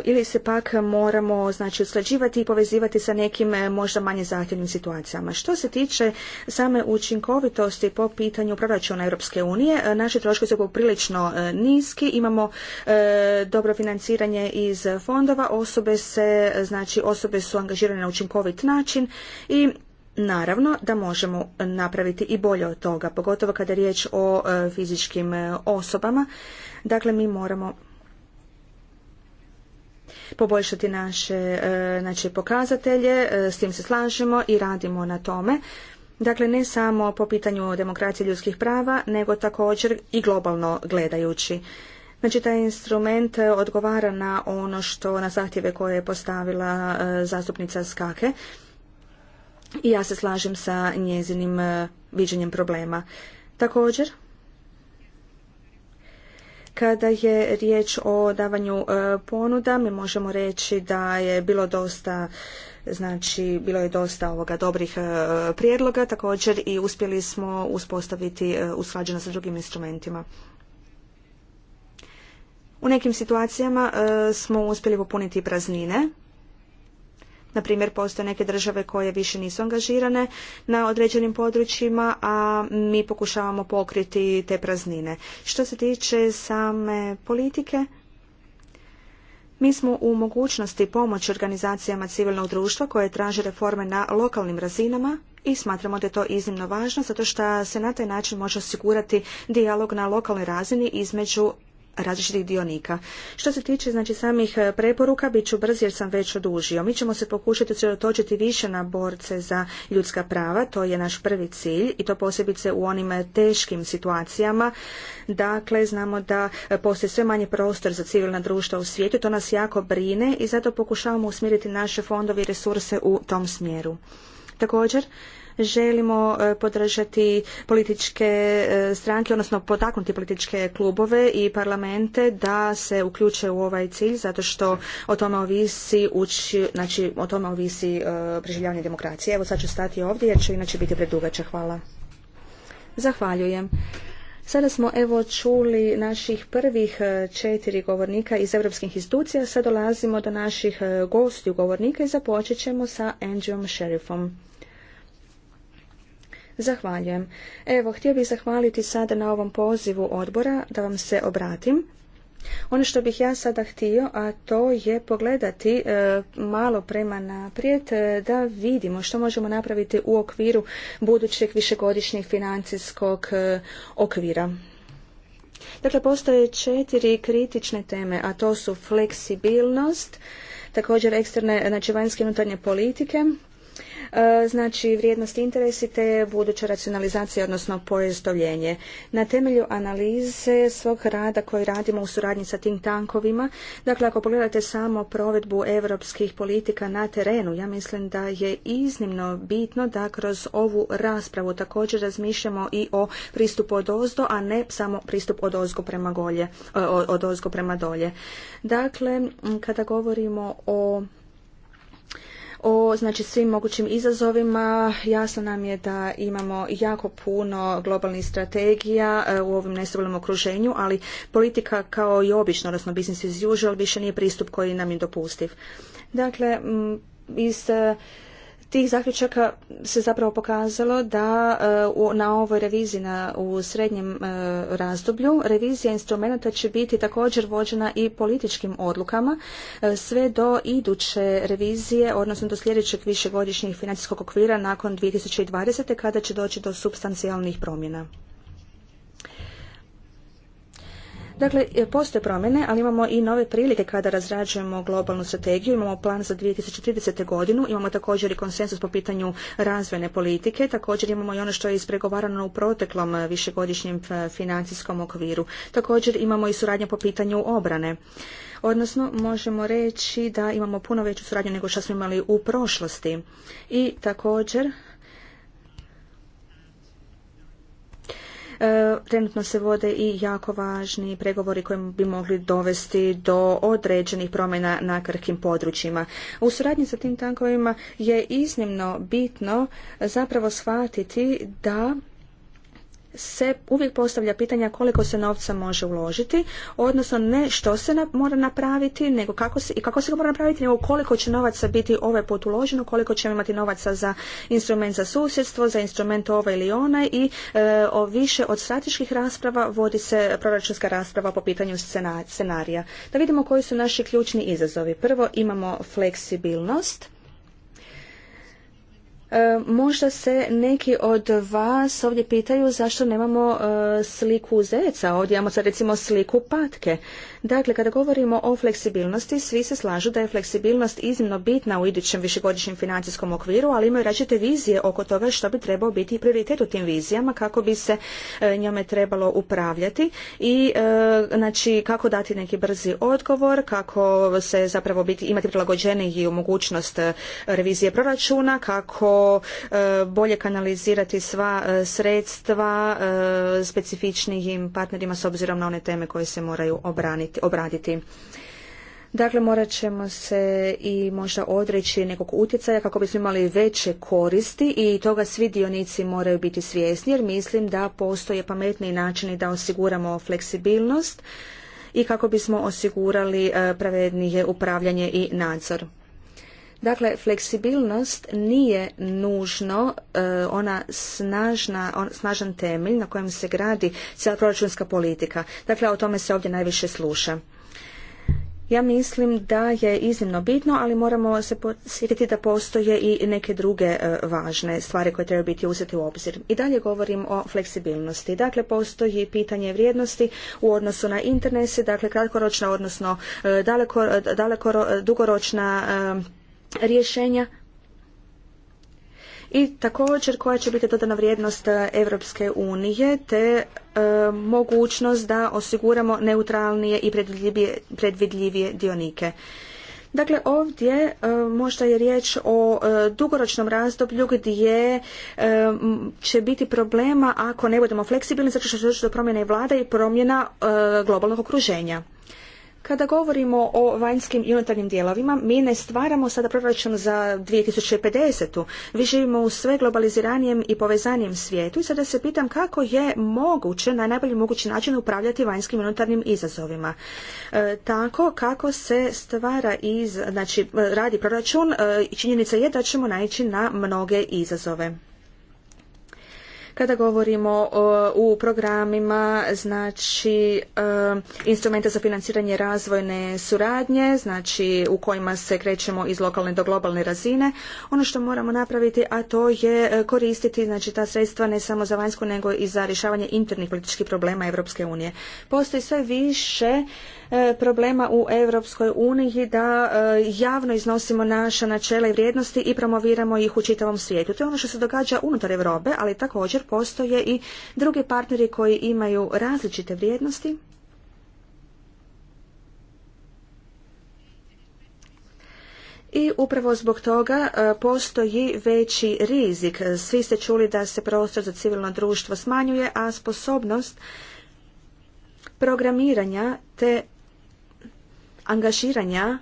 ili se pak moramo znači usklađivati i povezivati sa nekim e, možda manje zahtjevnim situacijama. Što se tiče same učinkovitosti po pitanju proračuna Europske unije, e, naši troškovi su poprilično niski, imamo dobro financiranje iz fondova, osobe se znači osobe su angažirane na učinkovit način i Naravno da možemo napraviti i bolje od toga, pogotovo kada je riječ o fizičkim osobama. Dakle, mi moramo poboljšati naše znači, pokazatelje, e, s tim se slažemo i radimo na tome. Dakle, ne samo po pitanju demokracije ljudskih prava, nego također i globalno gledajući. Znači, taj instrument e, odgovara na ono što, na zahtjeve koje je postavila zastupnica Skake i ja se slažem sa njezinim viđenjem problema. Također, kada je riječ o davanju e, ponuda, mi možemo reći da je bilo dosta znači bilo je dosta ovoga dobrih e, prijedloga, također i uspjeli smo uspostaviti e, usklađenost sa drugim instrumentima. U nekim situacijama smo uspjeli popuniti praznine na primjer, postoje neke države koje više nisu angažirane na određenim područjima, a mi pokušavamo pokriti te praznine. Što se tiče same politike, mi smo u mogućnosti pomoći organizacijama civilnog društva koje traže reforme na lokalnim razinama i smatramo da je to iznimno važno zato što se na taj način može osigurati dijalog na lokalnoj razini između različitih dionika. Što se tiče znači samih e, preporuka, bit ću brz jer sam već odužio. Mi ćemo se pokušati usredotočiti više na borce za ljudska prava, to je naš prvi cilj i to posebice u onim e, teškim situacijama. Dakle, znamo da e, postoji sve manje prostor za civilna društva u svijetu, to nas jako brine i zato pokušavamo usmjeriti naše fondove i resurse u tom smjeru. Također, želimo e, podržati političke e, stranke, odnosno potaknuti političke klubove i parlamente da se uključe u ovaj cilj zato što o tome ovisi uči, znači o tome ovisi e, preživljavanje demokracije. Evo sad ću stati ovdje jer ću inače biti predugača. Hvala. Zahvaljujem. Sada smo evo čuli naših prvih četiri govornika iz europskih institucija. Sad dolazimo do naših gostiju govornika i započet ćemo sa Andrewom Sheriffom. Zahvaljujem. Evo, htio bih zahvaliti sada na ovom pozivu odbora da vam se obratim. Ono što bih ja sada htio, a to je pogledati e, malo prema naprijed e, da vidimo što možemo napraviti u okviru budućeg višegodišnjeg financijskog e, okvira. Dakle, postoje četiri kritične teme, a to su fleksibilnost, također eksterne, znači vanjske unutarnje politike, E, znači vrijednost interesi te buduća racionalizacija, odnosno pojezdovljenje. Na temelju analize svog rada koji radimo u suradnji sa tim tankovima, dakle ako pogledate samo provedbu europskih politika na terenu, ja mislim da je iznimno bitno da kroz ovu raspravu također razmišljamo i o pristupu od ozdo, a ne samo pristup od ozgo prema golje, e, od ozgo prema dolje. Dakle, kada govorimo o o znači, svim mogućim izazovima. Jasno nam je da imamo jako puno globalnih strategija e, u ovom nestabilnom okruženju, ali politika kao i obično, odnosno business as usual, više nije pristup koji nam je dopustiv. Dakle, iz tih zaključaka se zapravo pokazalo da e, na ovoj reviziji u srednjem e, razdoblju revizija instrumenta će biti također vođena i političkim odlukama e, sve do iduće revizije, odnosno do sljedećeg višegodišnjeg financijskog okvira nakon 2020. kada će doći do substancijalnih promjena. Dakle, e, postoje promjene, ali imamo i nove prilike kada razrađujemo globalnu strategiju. Imamo plan za 2030. godinu, imamo također i konsensus po pitanju razvojne politike, također imamo i ono što je ispregovarano u proteklom e, višegodišnjem e, financijskom okviru. Također imamo i suradnje po pitanju obrane. Odnosno, možemo reći da imamo puno veću suradnju nego što smo imali u prošlosti. I također, E, trenutno se vode i jako važni pregovori koji bi mogli dovesti do određenih promjena na krkim područjima. U suradnji sa tim tankovima je iznimno bitno zapravo shvatiti da se uvijek postavlja pitanja koliko se novca može uložiti, odnosno ne što se mora napraviti, nego kako se, i kako se mora napraviti, nego koliko će novaca biti ovaj put uloženo, koliko ćemo imati novaca za instrument za susjedstvo, za instrument ovaj ili ona i e, o više od strateških rasprava vodi se proračunska rasprava po pitanju scenarija. Da vidimo koji su naši ključni izazovi. Prvo imamo fleksibilnost E, možda se neki od vas ovdje pitaju zašto nemamo e, sliku zeca. Ovdje imamo sad recimo sliku patke. Dakle, kada govorimo o fleksibilnosti, svi se slažu da je fleksibilnost iznimno bitna u idućem višegodišnjem financijskom okviru, ali imaju različite vizije oko toga što bi trebao biti prioritet u tim vizijama, kako bi se e, njome trebalo upravljati i e, znači kako dati neki brzi odgovor, kako se zapravo biti, imati prilagođeniji mogućnost e, revizije proračuna, kako bolje kanalizirati sva sredstva specifičnijim partnerima s obzirom na one teme koje se moraju obraniti obraditi. Dakle, morat ćemo se i možda odreći nekog utjecaja kako bismo imali veće koristi i toga svi dionici moraju biti svjesni jer mislim da postoje pametni načini da osiguramo fleksibilnost i kako bismo osigurali e, pravednije upravljanje i nadzor. Dakle, fleksibilnost nije nužno e, ona snažna, snažan temelj na kojem se gradi cijela proračunska politika. Dakle, o tome se ovdje najviše sluša. Ja mislim da je iznimno bitno, ali moramo se podsjetiti da postoje i neke druge e, važne stvari koje trebaju biti uzete u obzir. I dalje govorim o fleksibilnosti. Dakle, postoji pitanje vrijednosti u odnosu na internese, dakle kratkoročna, odnosno e, daleko, daleko dugoročna rješenja i također koja će biti dodana vrijednost Europske unije te e, mogućnost da osiguramo neutralnije i predvidljivije, dionike. Dakle, ovdje e, možda je riječ o e, dugoročnom razdoblju gdje će biti problema ako ne budemo fleksibilni zato što će doći do promjene vlada i promjena globalnog okruženja. Kada govorimo o vanjskim i unutarnjim dijelovima, mi ne stvaramo sada proračun za 2050. Vi živimo u sve globaliziranijem i povezanijem svijetu i sada se pitam kako je moguće na najbolji mogući način upravljati vanjskim i unutarnjim izazovima. E, tako kako se stvara iz, znači radi proračun, e, činjenica je da ćemo naići na mnoge izazove. Kada govorimo u programima, znači e, instrumenta za financiranje razvojne suradnje, znači u kojima se krećemo iz lokalne do globalne razine, ono što moramo napraviti, a to je e, koristiti znači ta sredstva ne samo za vanjsku nego i za rješavanje internih političkih problema Europske unije. Postoji sve više e, problema u Europskoj uniji da javno iznosimo naša načela i vrijednosti i promoviramo ih u čitavom svijetu. To je ono što se događa unutar Europe, ali također postoje i drugi partneri koji imaju različite vrijednosti i upravo zbog toga e, postoji veći rizik. Svi ste čuli da se prostor za civilno društvo smanjuje, a sposobnost programiranja te angažiranja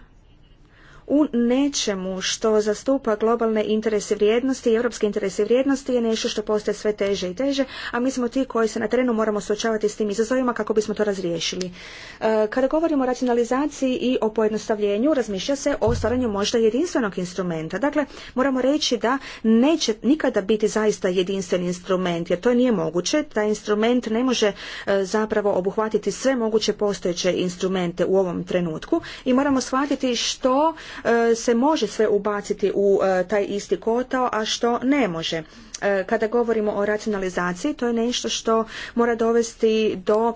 u nečemu što zastupa globalne interese vrijednosti i europske interese vrijednosti je nešto što postaje sve teže i teže, a mi smo ti koji se na terenu moramo suočavati s tim izazovima kako bismo to razriješili. E, kada govorimo o racionalizaciji i o pojednostavljenju, razmišlja se o stvaranju možda jedinstvenog instrumenta. Dakle, moramo reći da neće nikada biti zaista jedinstven instrument, jer to nije moguće. Taj instrument ne može e, zapravo obuhvatiti sve moguće postojeće instrumente u ovom trenutku i moramo shvatiti što E, se može sve ubaciti u e, taj isti kotao, a što ne može. E, kada govorimo o racionalizaciji, to je nešto što mora dovesti do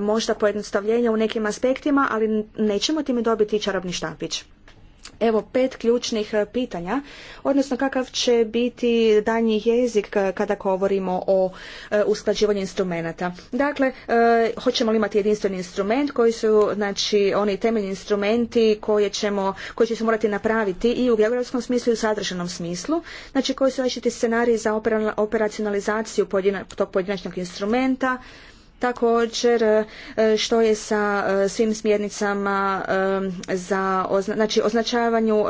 možda pojednostavljenja u nekim aspektima, ali nećemo time dobiti čarobni štapić. Evo pet ključnih e, pitanja, odnosno kakav će biti danji jezik kada govorimo o e, usklađivanju instrumenata. Dakle, e, hoćemo li imati jedinstveni instrument koji su znači oni temeljni instrumenti koje ćemo, koji će se morati napraviti i u geografskom smislu i u sadržanom smislu, znači koji su rešiti scenariji za operacionalizaciju tog pojedinačnog instrumenta, Također, e, što je sa e, svim smjernicama e, za znači, označavanju,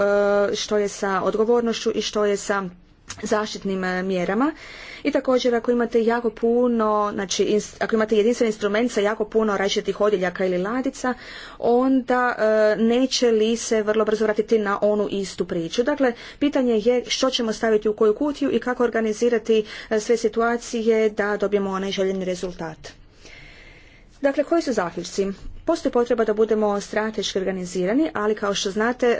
što je sa odgovornošću i što je sa zaštitnim mjerama. I također ako imate jako puno, znači ako imate jedinstveni instrument sa jako puno različitih odjeljaka ili ladica, onda neće li se vrlo brzo vratiti na onu istu priču. Dakle, pitanje je što ćemo staviti u koju kutiju i kako organizirati sve situacije da dobijemo onaj željeni rezultat. Dakle, koji su zaključci? Postoji potreba da budemo strateški organizirani, ali kao što znate, e,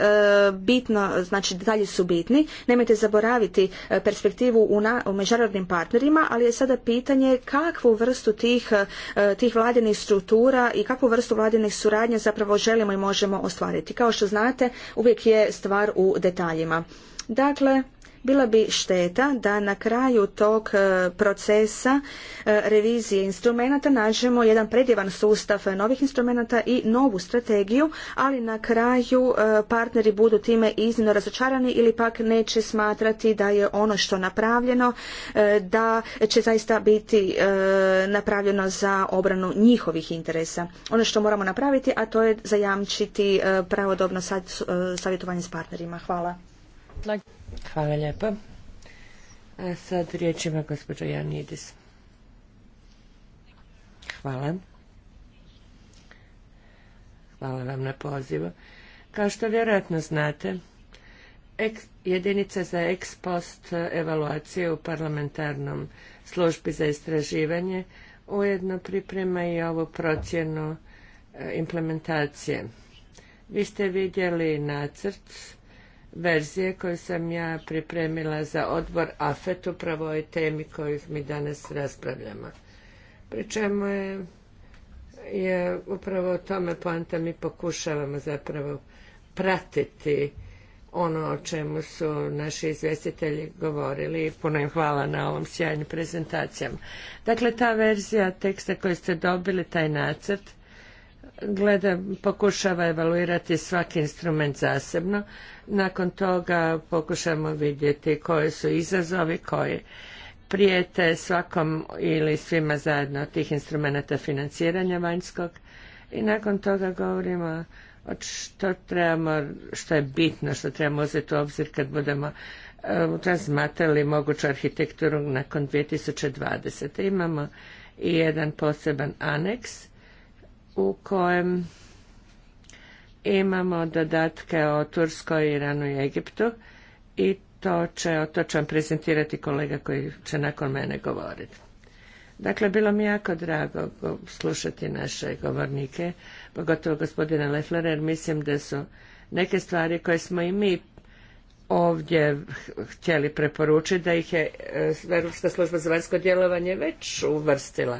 bitno, znači detalji su bitni. Nemojte zaboraviti e, perspektivu u, međunarodnim partnerima, ali je sada pitanje kakvu vrstu tih, e, tih vladinih struktura i kakvu vrstu vladinih suradnje zapravo želimo i možemo ostvariti. Kao što znate, uvijek je stvar u detaljima. Dakle, bila bi šteta da na kraju tog e, procesa e, revizije instrumenata nađemo jedan predjevan sustav novih instrumenata i novu strategiju, ali na kraju e, partneri budu time iznimno razočarani ili pak neće smatrati da je ono što napravljeno da će zaista biti napravljeno za obranu njihovih interesa. Ono što moramo napraviti, a to je zajamčiti pravodobno savjetovanje s partnerima. Hvala. Hvala lijepa. A sad riječima gospođa Janidis. Hvala. Hvala vam na pozivu. Kao što vjerojatno znate, jedinica za ex post evaluacije u parlamentarnom službi za istraživanje ujedno priprema i ovu procjenu e, implementacije. Vi ste vidjeli nacrt verzije koju sam ja pripremila za odbor AFET upravo ovoj temi kojih mi danas raspravljamo. Pri čemu je, je upravo o tome poanta mi pokušavamo zapravo pratiti ono o čemu su naši izvjestitelji govorili i puno im hvala na ovom sjajnim prezentacijama. Dakle, ta verzija teksta koju ste dobili, taj nacrt, gleda, pokušava evaluirati svaki instrument zasebno. Nakon toga pokušamo vidjeti koji su izazovi, koji prijete svakom ili svima zajedno tih instrumenta financiranja vanjskog i nakon toga govorimo što trebamo, što je bitno, što trebamo uzeti u obzir kad budemo e, razmatrali moguću arhitekturu nakon 2020. Imamo i jedan poseban aneks u kojem imamo dodatke o Turskoj, Iranu i Egiptu i to će, to vam prezentirati kolega koji će nakon mene govoriti. Dakle, bilo mi jako drago slušati naše govornike, pogotovo gospodina Leflera, jer mislim da su neke stvari koje smo i mi ovdje htjeli preporučiti, da ih je e, Europska služba za vanjsko djelovanje već uvrstila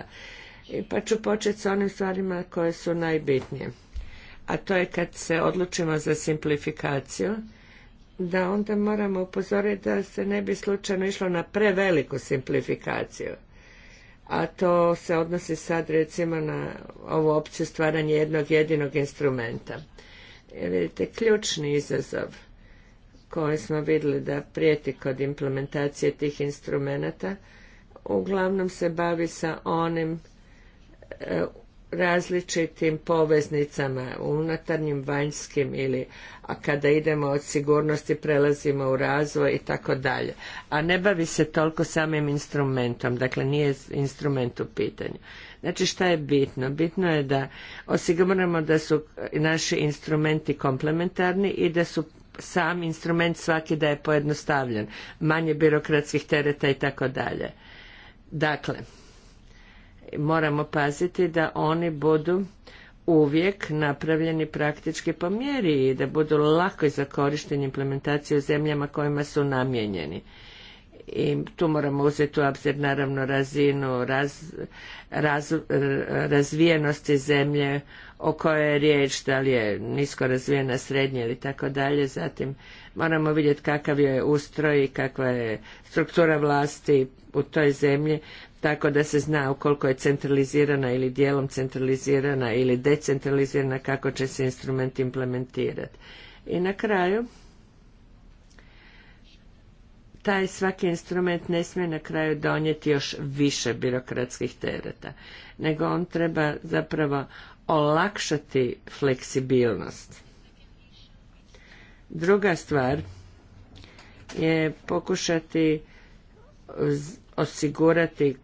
pa ću početi sa onim stvarima koje su najbitnije. A to je kad se odlučimo za simplifikaciju, da onda moramo upozoriti da se ne bi slučajno išlo na preveliku simplifikaciju. A to se odnosi sad recimo na ovu opciju stvaranje jednog jedinog instrumenta. I e, vidite, ključni izazov koji smo vidjeli da prijeti kod implementacije tih instrumenata uglavnom se bavi sa onim E, različitim poveznicama, unutarnjim, vanjskim ili a kada idemo od sigurnosti prelazimo u razvoj i tako dalje. A ne bavi se toliko samim instrumentom, dakle nije instrument u pitanju. Znači šta je bitno? Bitno je da osiguramo da su naši instrumenti komplementarni i da su sam instrument svaki da je pojednostavljen, manje birokratskih tereta i tako dalje. Dakle, moramo paziti da oni budu uvijek napravljeni praktički po mjeri i da budu lako za korištenje implementacije u zemljama kojima su namijenjeni. I tu moramo uzeti u obzir naravno razinu raz, razvijenosti zemlje o kojoj je riječ, da li je nisko razvijena srednja ili tako dalje. Zatim moramo vidjeti kakav je ustroj i kakva je struktura vlasti u toj zemlji tako da se zna ukoliko je centralizirana ili dijelom centralizirana ili decentralizirana kako će se instrument implementirati. I na kraju, taj svaki instrument ne smije na kraju donijeti još više birokratskih tereta, nego on treba zapravo olakšati fleksibilnost. Druga stvar je pokušati osigurati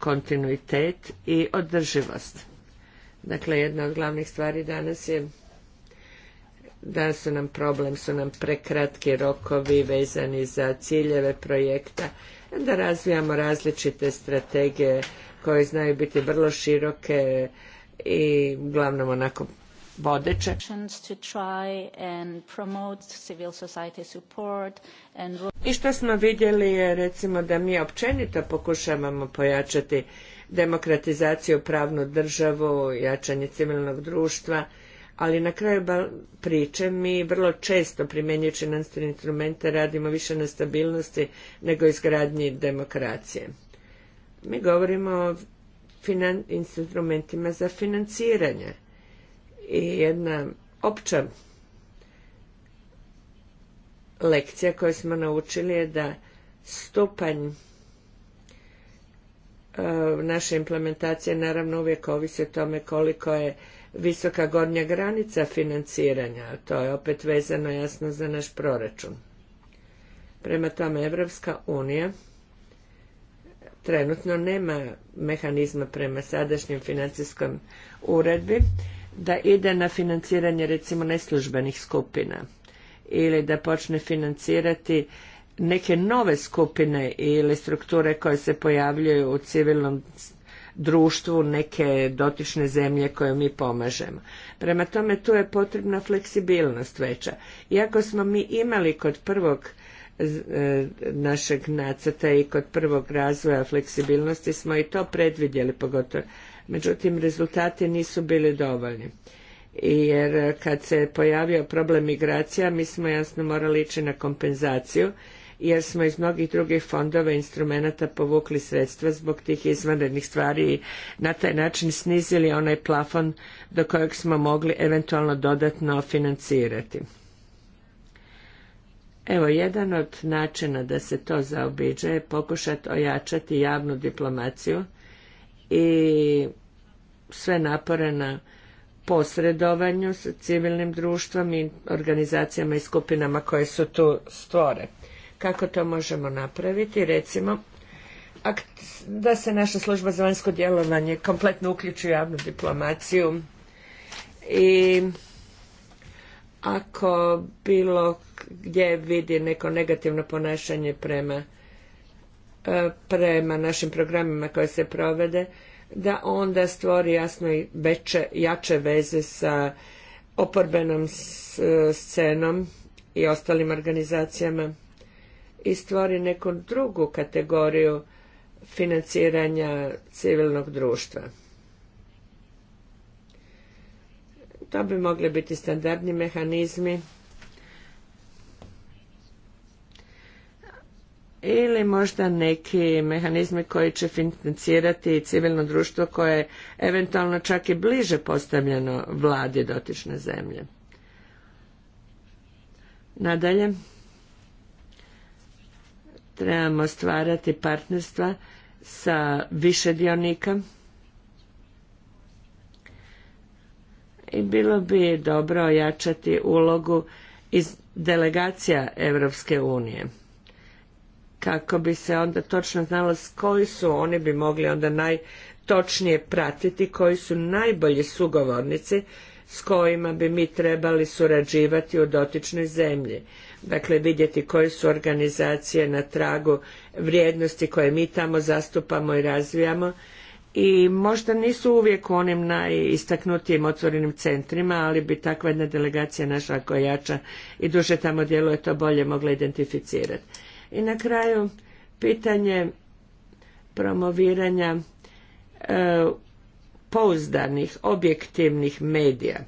kontinuitet i održivost. Dakle, jedna od glavnih stvari danas je da su nam problem, su nam prekratki rokovi vezani za ciljeve projekta, da razvijamo različite strategije koje znaju biti vrlo široke i uglavnom onako vodeće i što smo vidjeli je recimo da mi općenito pokušavamo pojačati demokratizaciju pravnu državu jačanje civilnog društva ali na kraju priče mi vrlo često primjenjujući instrumente radimo više na stabilnosti nego izgradnji demokracije mi govorimo o instrumentima za financiranje i jedna opća lekcija koju smo naučili je da stupanj e, naše implementacije naravno uvijek ovisi o tome koliko je visoka gornja granica financiranja, a to je opet vezano jasno za naš proračun. Prema tome, Evropska unija trenutno nema mehanizma prema sadašnjim financijskom uredbi da ide na financiranje recimo neslužbenih skupina ili da počne financirati neke nove skupine ili strukture koje se pojavljuju u civilnom društvu neke dotične zemlje koje mi pomažemo. Prema tome tu je potrebna fleksibilnost veća. Iako smo mi imali kod prvog e, našeg nacrta i kod prvog razvoja fleksibilnosti smo i to predvidjeli, pogotovo međutim rezultati nisu bili dovoljni. Jer eh, kad se pojavio problem migracija, mi smo jasno morali ići na kompenzaciju, jer smo iz mnogih drugih fondova i instrumenata povukli sredstva zbog tih izvanrednih stvari i na taj način snizili onaj plafon do kojeg smo mogli eventualno dodatno financirati. Evo, jedan od načina da se to zaobiđe je pokušati ojačati javnu diplomaciju i sve napore na posredovanju sa civilnim društvom i organizacijama i skupinama koje su tu stvore. Kako to možemo napraviti? Recimo, da se naša služba za vanjsko djelovanje kompletno uključi u javnu diplomaciju i ako bilo gdje vidi neko negativno ponašanje prema E, prema našim programima koje se provede, da onda stvori jasno i veće, jače veze sa oporbenom e, scenom i ostalim organizacijama i stvori neku drugu kategoriju financiranja civilnog društva. To bi mogli biti standardni mehanizmi ili možda neki mehanizmi koji će financirati civilno društvo koje je eventualno čak i bliže postavljeno vladi dotične zemlje. Nadalje, trebamo stvarati partnerstva sa više dionika i bilo bi dobro ojačati ulogu iz delegacija Europske unije kako bi se onda točno znalo s koji su oni bi mogli onda najtočnije pratiti, koji su najbolji sugovornici s kojima bi mi trebali surađivati u dotičnoj zemlji. Dakle, vidjeti koje su organizacije na tragu vrijednosti koje mi tamo zastupamo i razvijamo i možda nisu uvijek u onim najistaknutijim otvorenim centrima, ali bi takva jedna delegacija naša koja jača i duže tamo djeluje to bolje mogla identificirati. I na kraju pitanje promoviranja e, pouzdanih, objektivnih medija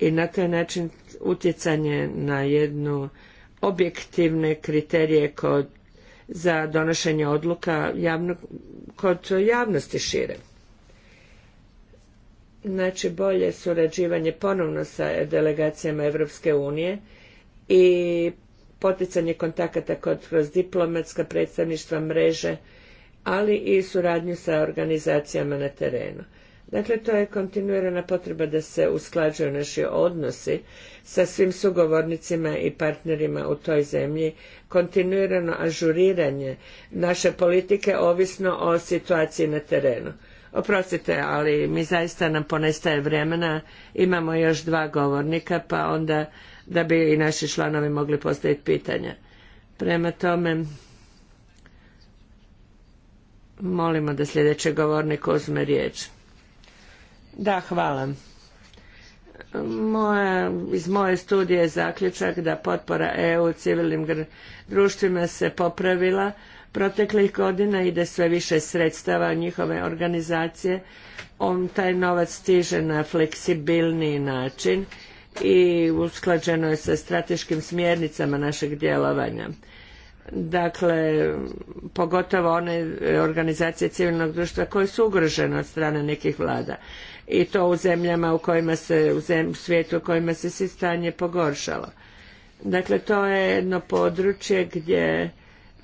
i na taj način utjecanje na jednu objektivne kriterije kod za donošenje odluka javno, kod javnosti šire. Znači bolje surađivanje ponovno sa delegacijama Europske unije i poticanje kontakata kroz diplomatska predstavništva mreže, ali i suradnju sa organizacijama na terenu. Dakle, to je kontinuirana potreba da se usklađuju naši odnosi sa svim sugovornicima i partnerima u toj zemlji, kontinuirano ažuriranje naše politike ovisno o situaciji na terenu. Oprostite, ali mi zaista nam ponestaje vremena, imamo još dva govornika, pa onda da bi i naši članovi mogli postaviti pitanja. Prema tome, molimo da sljedeći govornik uzme riječ. Da, hvala. iz moje studije je zaključak da potpora EU civilnim društvima se popravila proteklih godina, i da sve više sredstava njihove organizacije, on taj novac stiže na fleksibilniji način i usklađeno je sa strateškim smjernicama našeg djelovanja. Dakle, pogotovo one organizacije civilnog društva koje su ugrožene od strane nekih vlada. I to u zemljama u kojima se, u svijetu u kojima se si stanje pogoršalo. Dakle, to je jedno područje gdje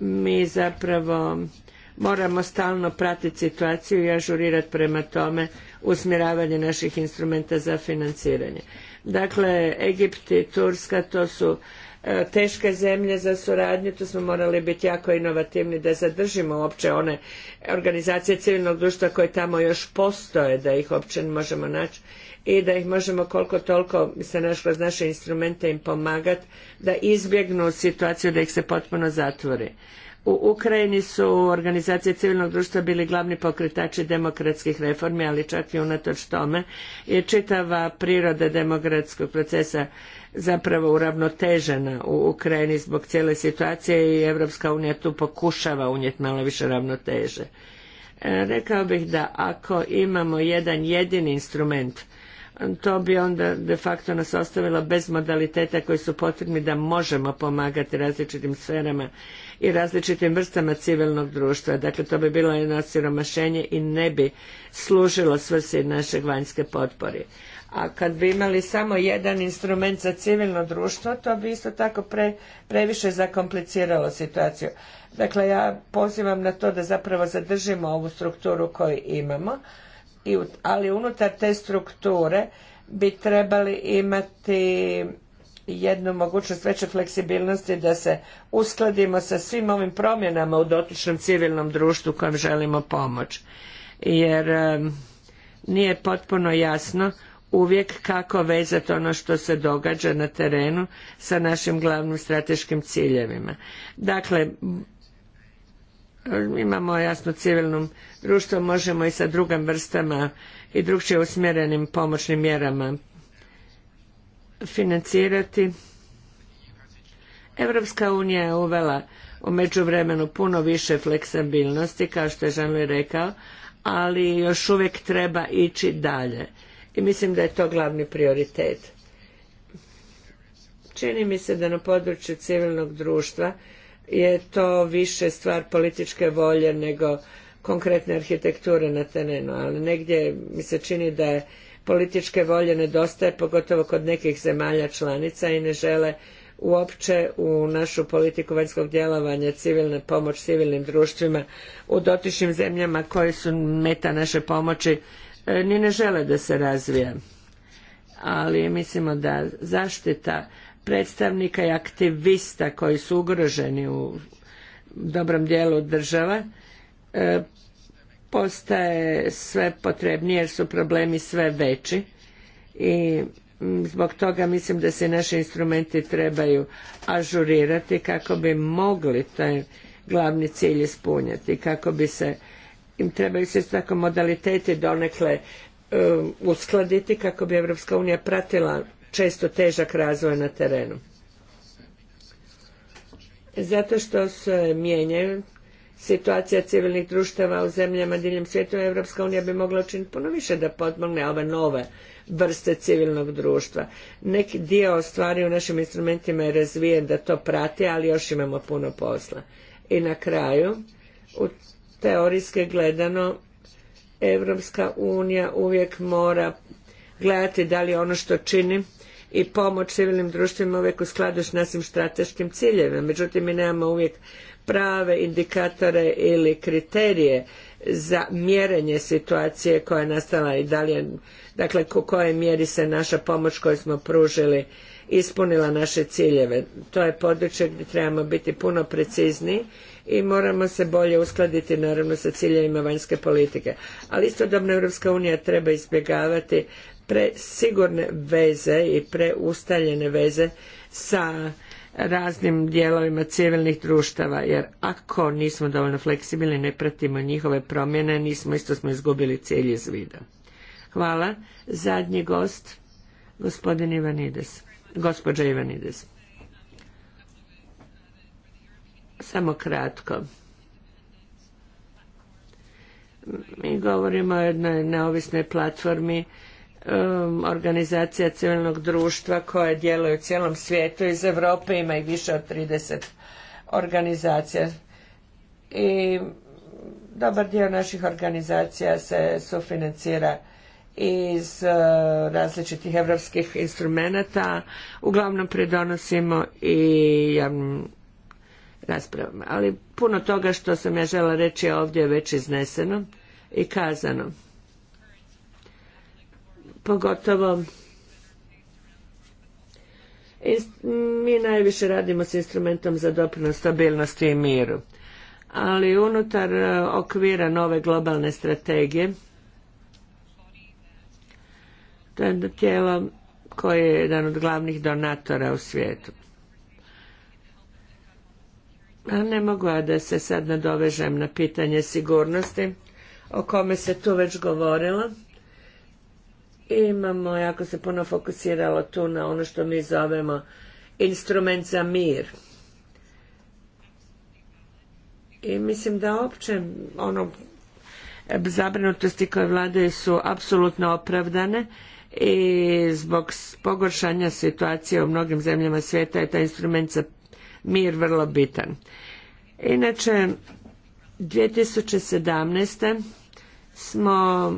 mi zapravo moramo stalno pratiti situaciju i ažurirati prema tome usmjeravanje naših instrumenta za financiranje. Dakle, Egipt i Turska to su e, teške zemlje za suradnju, tu smo morali biti jako inovativni da zadržimo uopće one organizacije civilnog društva koje tamo još postoje, da ih uopće možemo naći i da ih možemo koliko toliko se našlo kroz naše instrumente im pomagati da izbjegnu situaciju da ih se potpuno zatvori. U Ukrajini su organizacije civilnog društva bili glavni pokretači demokratskih reformi, ali čak i unatoč tome je čitava priroda demokratskog procesa zapravo uravnotežena u Ukrajini zbog cijele situacije i Evropska unija tu pokušava unijeti malo više ravnoteže. E, rekao bih da ako imamo jedan jedini instrument to bi onda de facto nas ostavilo bez modaliteta koji su potrebni da možemo pomagati različitim sferama i različitim vrstama civilnog društva. Dakle, to bi bilo jedno siromašenje i ne bi služilo svrsi naše vanjske potpori. A kad bi imali samo jedan instrument za civilno društvo, to bi isto tako pre, previše zakompliciralo situaciju. Dakle, ja pozivam na to da zapravo zadržimo ovu strukturu koju imamo, ali unutar te strukture bi trebali imati jednu mogućnost veće fleksibilnosti da se uskladimo sa svim ovim promjenama u dotičnom civilnom društvu kojem želimo pomoć. Jer nije potpuno jasno uvijek kako vezati ono što se događa na terenu sa našim glavnim strateškim ciljevima. Dakle, imamo jasno civilno društvo, možemo i sa drugim vrstama i drugčije usmjerenim pomoćnim mjerama financirati. Evropska unija je uvela u međuvremenu puno više fleksibilnosti, kao što je Žanli rekao, ali još uvijek treba ići dalje. I mislim da je to glavni prioritet. Čini mi se da na području civilnog društva je to više stvar političke volje nego konkretne arhitekture na terenu, ali negdje mi se čini da je političke volje nedostaje, pogotovo kod nekih zemalja članica i ne žele uopće u našu politiku vanjskog djelovanja civilne pomoć civilnim društvima u dotičnim zemljama koje su meta naše pomoći e, ni ne žele da se razvije. Ali mislimo da zaštita predstavnika i aktivista koji su ugroženi u dobrom dijelu država e, postaje sve potrebnije jer su problemi sve veći i mm, zbog toga mislim da se naši instrumenti trebaju ažurirati kako bi mogli taj glavni cilj ispunjati kako bi se im trebaju se tako modaliteti donekle e, uskladiti kako bi Europska unija pratila često težak razvoj na terenu. Zato što se mijenjaju situacija civilnih društava u zemljama diljem svijeta, Evropska unija bi mogla učiniti puno više da potmogne ove nove vrste civilnog društva. Neki dio stvari u našim instrumentima je razvijen da to prati, ali još imamo puno posla. I na kraju, u teorijski gledano, Evropska unija uvijek mora gledati da li ono što čini i pomoć civilnim društvima uvijek u skladu s našim strateškim ciljevima. Međutim, mi nemamo uvijek prave indikatore ili kriterije za mjerenje situacije koja je nastala i da li je, dakle u kojoj mjeri se naša pomoć koju smo pružili ispunila naše ciljeve. To je područje gdje trebamo biti puno precizniji i moramo se bolje uskladiti naravno sa ciljevima vanjske politike. Ali istodobno Europska unija treba izbjegavati presigurne veze i preustaljene veze sa raznim dijelovima civilnih društava, jer ako nismo dovoljno fleksibilni, ne pratimo njihove promjene, nismo isto smo izgubili cilj iz vida. Hvala. Zadnji gost, gospodin Ivanides. Gospođa Ivanides. Samo kratko. Mi govorimo o jednoj neovisnoj platformi Um, organizacija civilnog društva koja djeluje u cijelom svijetu. Iz Europe ima i više od 30 organizacija. I dobar dio naših organizacija se sufinancira iz uh, različitih europskih instrumenata. Uglavnom pridonosimo i javnim raspravama. Ali puno toga što sam ja žela reći ovdje je već izneseno i kazano pogotovo mi najviše radimo s instrumentom za doprinos stabilnosti i miru. Ali unutar e, okvira nove globalne strategije, to je tijelo koje je jedan od glavnih donatora u svijetu. A ne mogu ja da se sad nadovežem na pitanje sigurnosti, o kome se tu već govorilo imamo, jako se puno fokusiralo tu na ono što mi zovemo instrument za mir. I mislim da opće ono e, zabrinutosti koje vladaju su apsolutno opravdane i zbog pogoršanja situacije u mnogim zemljama svijeta je taj instrument za mir vrlo bitan. Inače, 2017. smo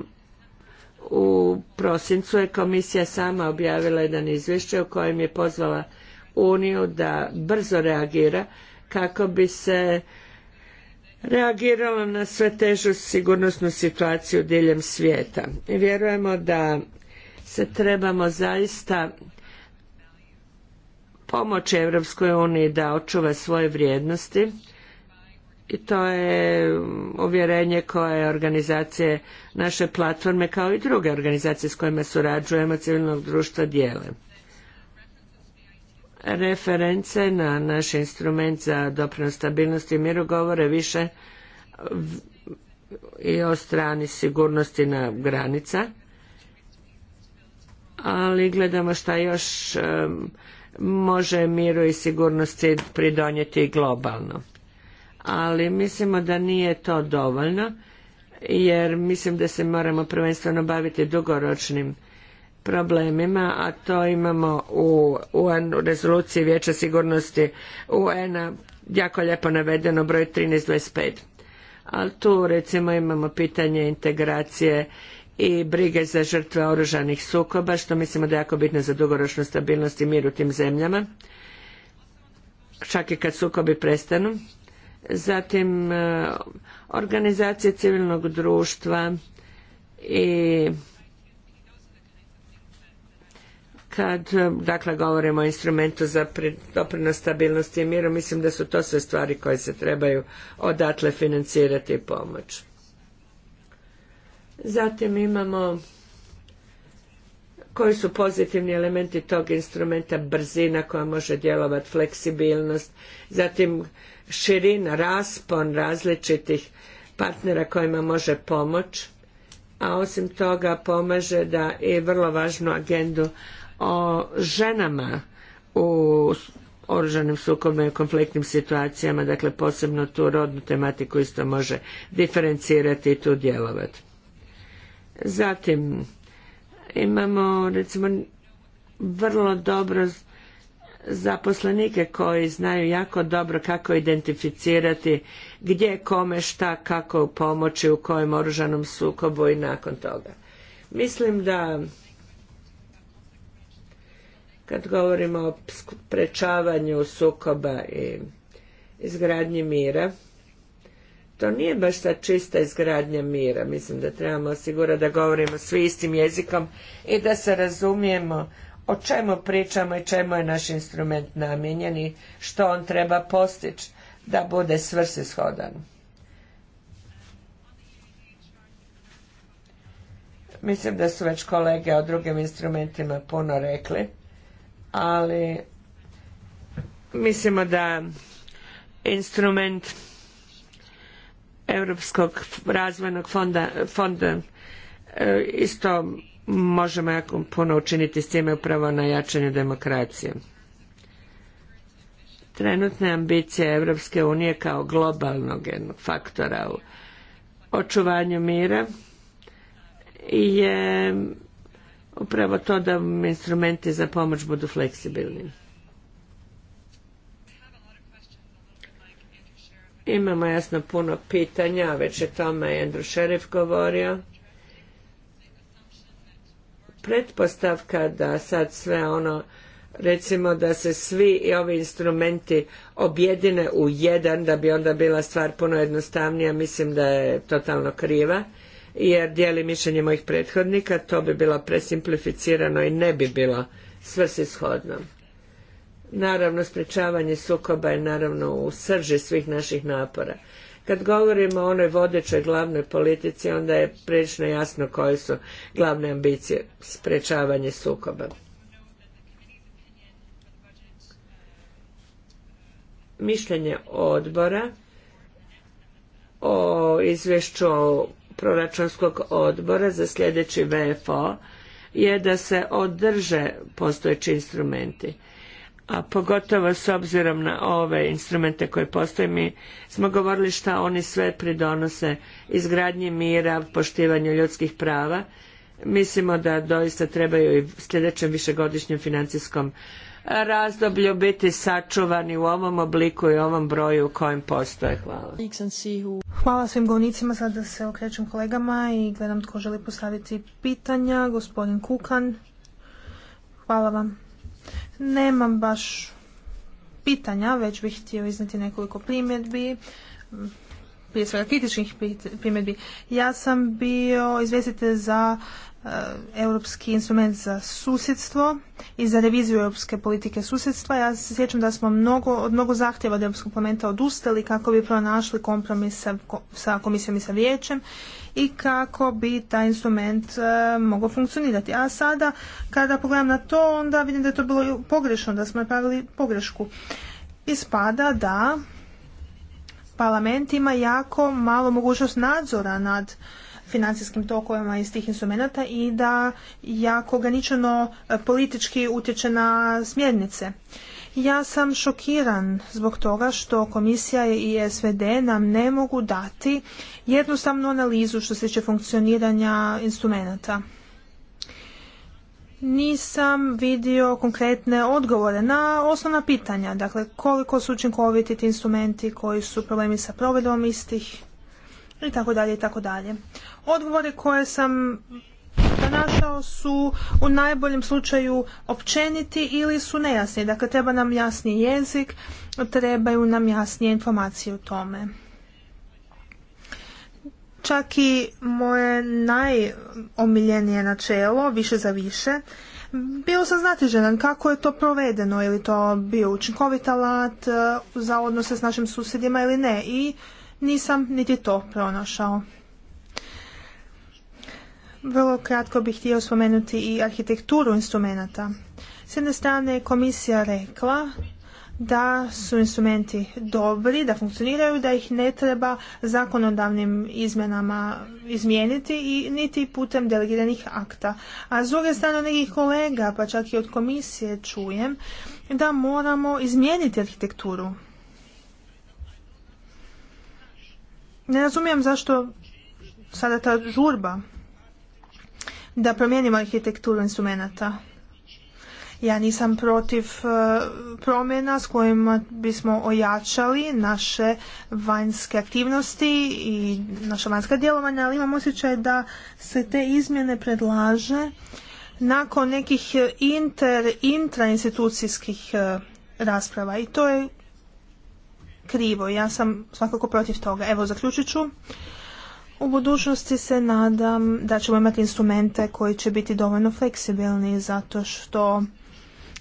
u prosincu je komisija sama objavila jedan izvješće u kojem je pozvala Uniju da brzo reagira kako bi se reagiralo na sve težu sigurnosnu situaciju diljem svijeta. Vjerujemo da se trebamo zaista pomoći Europskoj uniji da očuva svoje vrijednosti i to je uvjerenje koje organizacije naše platforme kao i druge organizacije s kojima surađujemo civilnog društva dijele. Reference na naš instrument za doprinos stabilnosti i miru govore više i o strani sigurnosti na granica, ali gledamo šta još može miru i sigurnosti pridonijeti globalno ali mislimo da nije to dovoljno jer mislim da se moramo prvenstveno baviti dugoročnim problemima, a to imamo u UN u rezoluciji Vijeća sigurnosti UN-a jako lijepo navedeno broj 1325. Ali tu recimo imamo pitanje integracije i brige za žrtve oružanih sukoba, što mislimo da je jako bitno za dugoročnu stabilnost i mir u tim zemljama, čak i kad sukobi prestanu zatim e, organizacije civilnog društva i kad e, dakle govorimo o instrumentu za doprinos stabilnosti i miru mislim da su to sve stvari koje se trebaju odatle financirati i pomoć zatim imamo koji su pozitivni elementi tog instrumenta brzina koja može djelovati fleksibilnost zatim širin raspon različitih partnera kojima može pomoć, a osim toga pomaže da i vrlo važnu agendu o ženama u oružanim sukobima i konfliktnim situacijama, dakle posebno tu rodnu tematiku isto može diferencirati i tu djelovati. Zatim, imamo recimo vrlo dobro zaposlenike koji znaju jako dobro kako identificirati gdje, kome, šta, kako pomoći, u kojem oružanom sukobu i nakon toga. Mislim da kad govorimo o prečavanju sukoba i izgradnji mira, to nije baš ta čista izgradnja mira. Mislim da trebamo osigurati da govorimo svi istim jezikom i da se razumijemo o čemu pričamo i čemu je naš instrument namijenjen i što on treba postići da bude svrsishodan. Mislim da su već kolege o drugim instrumentima puno rekli, ali mislimo da instrument Europskog razvojnog fonda, fonda e, isto možemo jako puno učiniti s time upravo na jačanju demokracije. Trenutne ambicije Europske unije kao globalnog jednog faktora u očuvanju mira je upravo to da instrumenti za pomoć budu fleksibilni. Imamo jasno puno pitanja, već je tome Andrew Sheriff govorio pretpostavka da sad sve ono recimo da se svi i ovi instrumenti objedine u jedan da bi onda bila stvar puno jednostavnija mislim da je totalno kriva jer dijeli mišljenje mojih prethodnika to bi bilo presimplificirano i ne bi bilo svrsishodno naravno sprečavanje sukoba je naravno u srži svih naših napora kad govorimo o onoj vodećoj glavnoj politici, onda je prilično jasno koje su glavne ambicije sprečavanje sukoba. Mišljenje odbora o izvješću proračunskog odbora za sljedeći VFO je da se održe postojeći instrumenti a pogotovo s obzirom na ove instrumente koje postoje mi smo govorili šta oni sve pridonose izgradnji mira, poštivanju ljudskih prava. Mislimo da doista trebaju i sljedećem višegodišnjem financijskom razdoblju biti sačuvani u ovom obliku i ovom broju u kojem postoje. Hvala. Hvala svim govornicima. Sada se okrećem kolegama i gledam tko želi postaviti pitanja. Gospodin Kukan. Hvala vam. Nemam baš pitanja, već bih htio izneti nekoliko primjedbi, prije svega kritičnih primjedbi. Ja sam bio izvjestitelj za eh, europski instrument za susjedstvo i za reviziju europske politike susjedstva. Ja se sjećam da smo mnogo, od mnogo zahtjeva od Europskog parlamenta odustali kako bi pronašli kompromis sa, sa komisijom i sa vijećem i kako bi taj instrument e, mogao funkcionirati. A sada kada pogledam na to onda vidim da je to bilo pogrešno, da smo napravili pogrešku. Ispada da parlament ima jako malo mogućnost nadzora nad financijskim tokovima iz tih instrumenta i da jako ograničeno e, politički utječe na smjernice. Ja sam šokiran zbog toga što komisija i SVD nam ne mogu dati jednostavnu analizu što se tiče funkcioniranja instrumenata. Nisam vidio konkretne odgovore na osnovna pitanja, dakle koliko su učinkoviti ti instrumenti, koji su problemi sa provedbom istih i tako dalje i tako dalje. Odgovore koje sam pronašao su u najboljem slučaju općeniti ili su nejasni. Dakle, treba nam jasni jezik, trebaju nam jasnije informacije o tome. Čak i moje najomiljenije načelo, više za više, bio sam znatiželjan kako je to provedeno, ili to bio učinkovit alat e, za odnose s našim susjedima ili ne i nisam niti to pronašao. Vrlo kratko bih htio spomenuti i arhitekturu instrumenata. S jedne strane je komisija rekla da su instrumenti dobri, da funkcioniraju, da ih ne treba zakonodavnim izmjenama izmijeniti i niti putem delegiranih akta. A s druge strane nekih kolega, pa čak i od komisije čujem, da moramo izmijeniti arhitekturu. Ne razumijem zašto sada ta žurba da promijenimo arhitekturu instrumenata. Ja nisam protiv e, promjena s kojima bismo ojačali naše vanjske aktivnosti i naša vanjska djelovanja, ali imam osjećaj da se te izmjene predlaže nakon nekih inter, intrainstitucijskih e, rasprava i to je krivo. Ja sam svakako protiv toga. Evo, zaključit ću. U budućnosti se nadam da ćemo imati instrumente koji će biti dovoljno fleksibilni zato što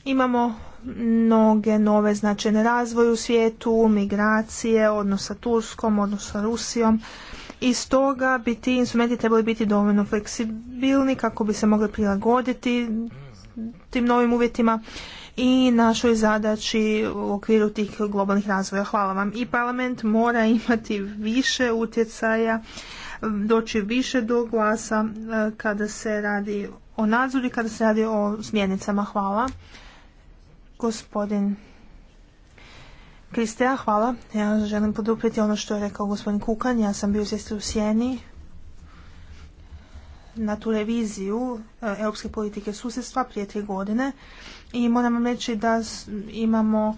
imamo mnoge nove značajne razvoje u svijetu, migracije, odnos sa Turskom, odnos sa Rusijom. I stoga bi ti instrumenti trebali biti dovoljno fleksibilni kako bi se mogli prilagoditi tim novim uvjetima i našoj zadaći u okviru tih globalnih razvoja. Hvala vam. I parlament mora imati više utjecaja doći više do glasa e, kada se radi o nadzoru i kada se radi o smjernicama. Hvala. Gospodin Kristeja, hvala. Ja želim poduprijeti ono što je rekao gospodin Kukan. Ja sam bio izvjestitelj u Sjeni na tu reviziju e, europske politike susjedstva prije tri godine i moram vam reći da imamo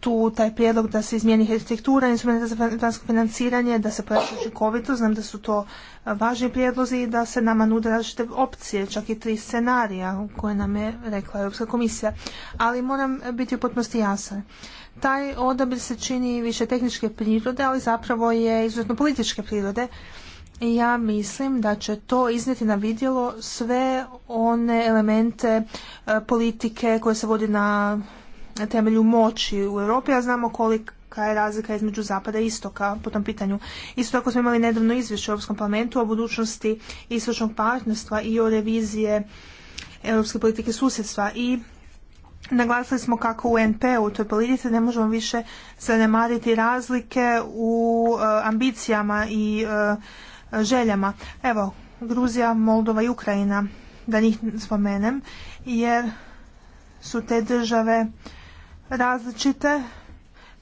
tu taj prijedlog da se izmijeni arhitektura instrumenta za vanjsko financiranje, da se pojača učinkovito, znam da su to važni prijedlozi i da se nama nude različite opcije, čak i tri scenarija koje nam je rekla Europska komisija. Ali moram biti u potpunosti jasan. Taj odabir se čini više tehničke prirode, ali zapravo je izuzetno političke prirode. I ja mislim da će to iznijeti na vidjelo sve one elemente politike koje se vodi na temelju moći u Europi, a znamo kolika je razlika između zapada i istoka po tom pitanju. Isto tako smo imali nedavno izvješće u Europskom parlamentu o budućnosti istočnog partnerstva i o revizije europske politike susjedstva i Naglasili smo kako u NP u toj politici ne možemo više zanemariti razlike u e, ambicijama i e, željama. Evo, Gruzija, Moldova i Ukrajina, da njih spomenem, jer su te države različite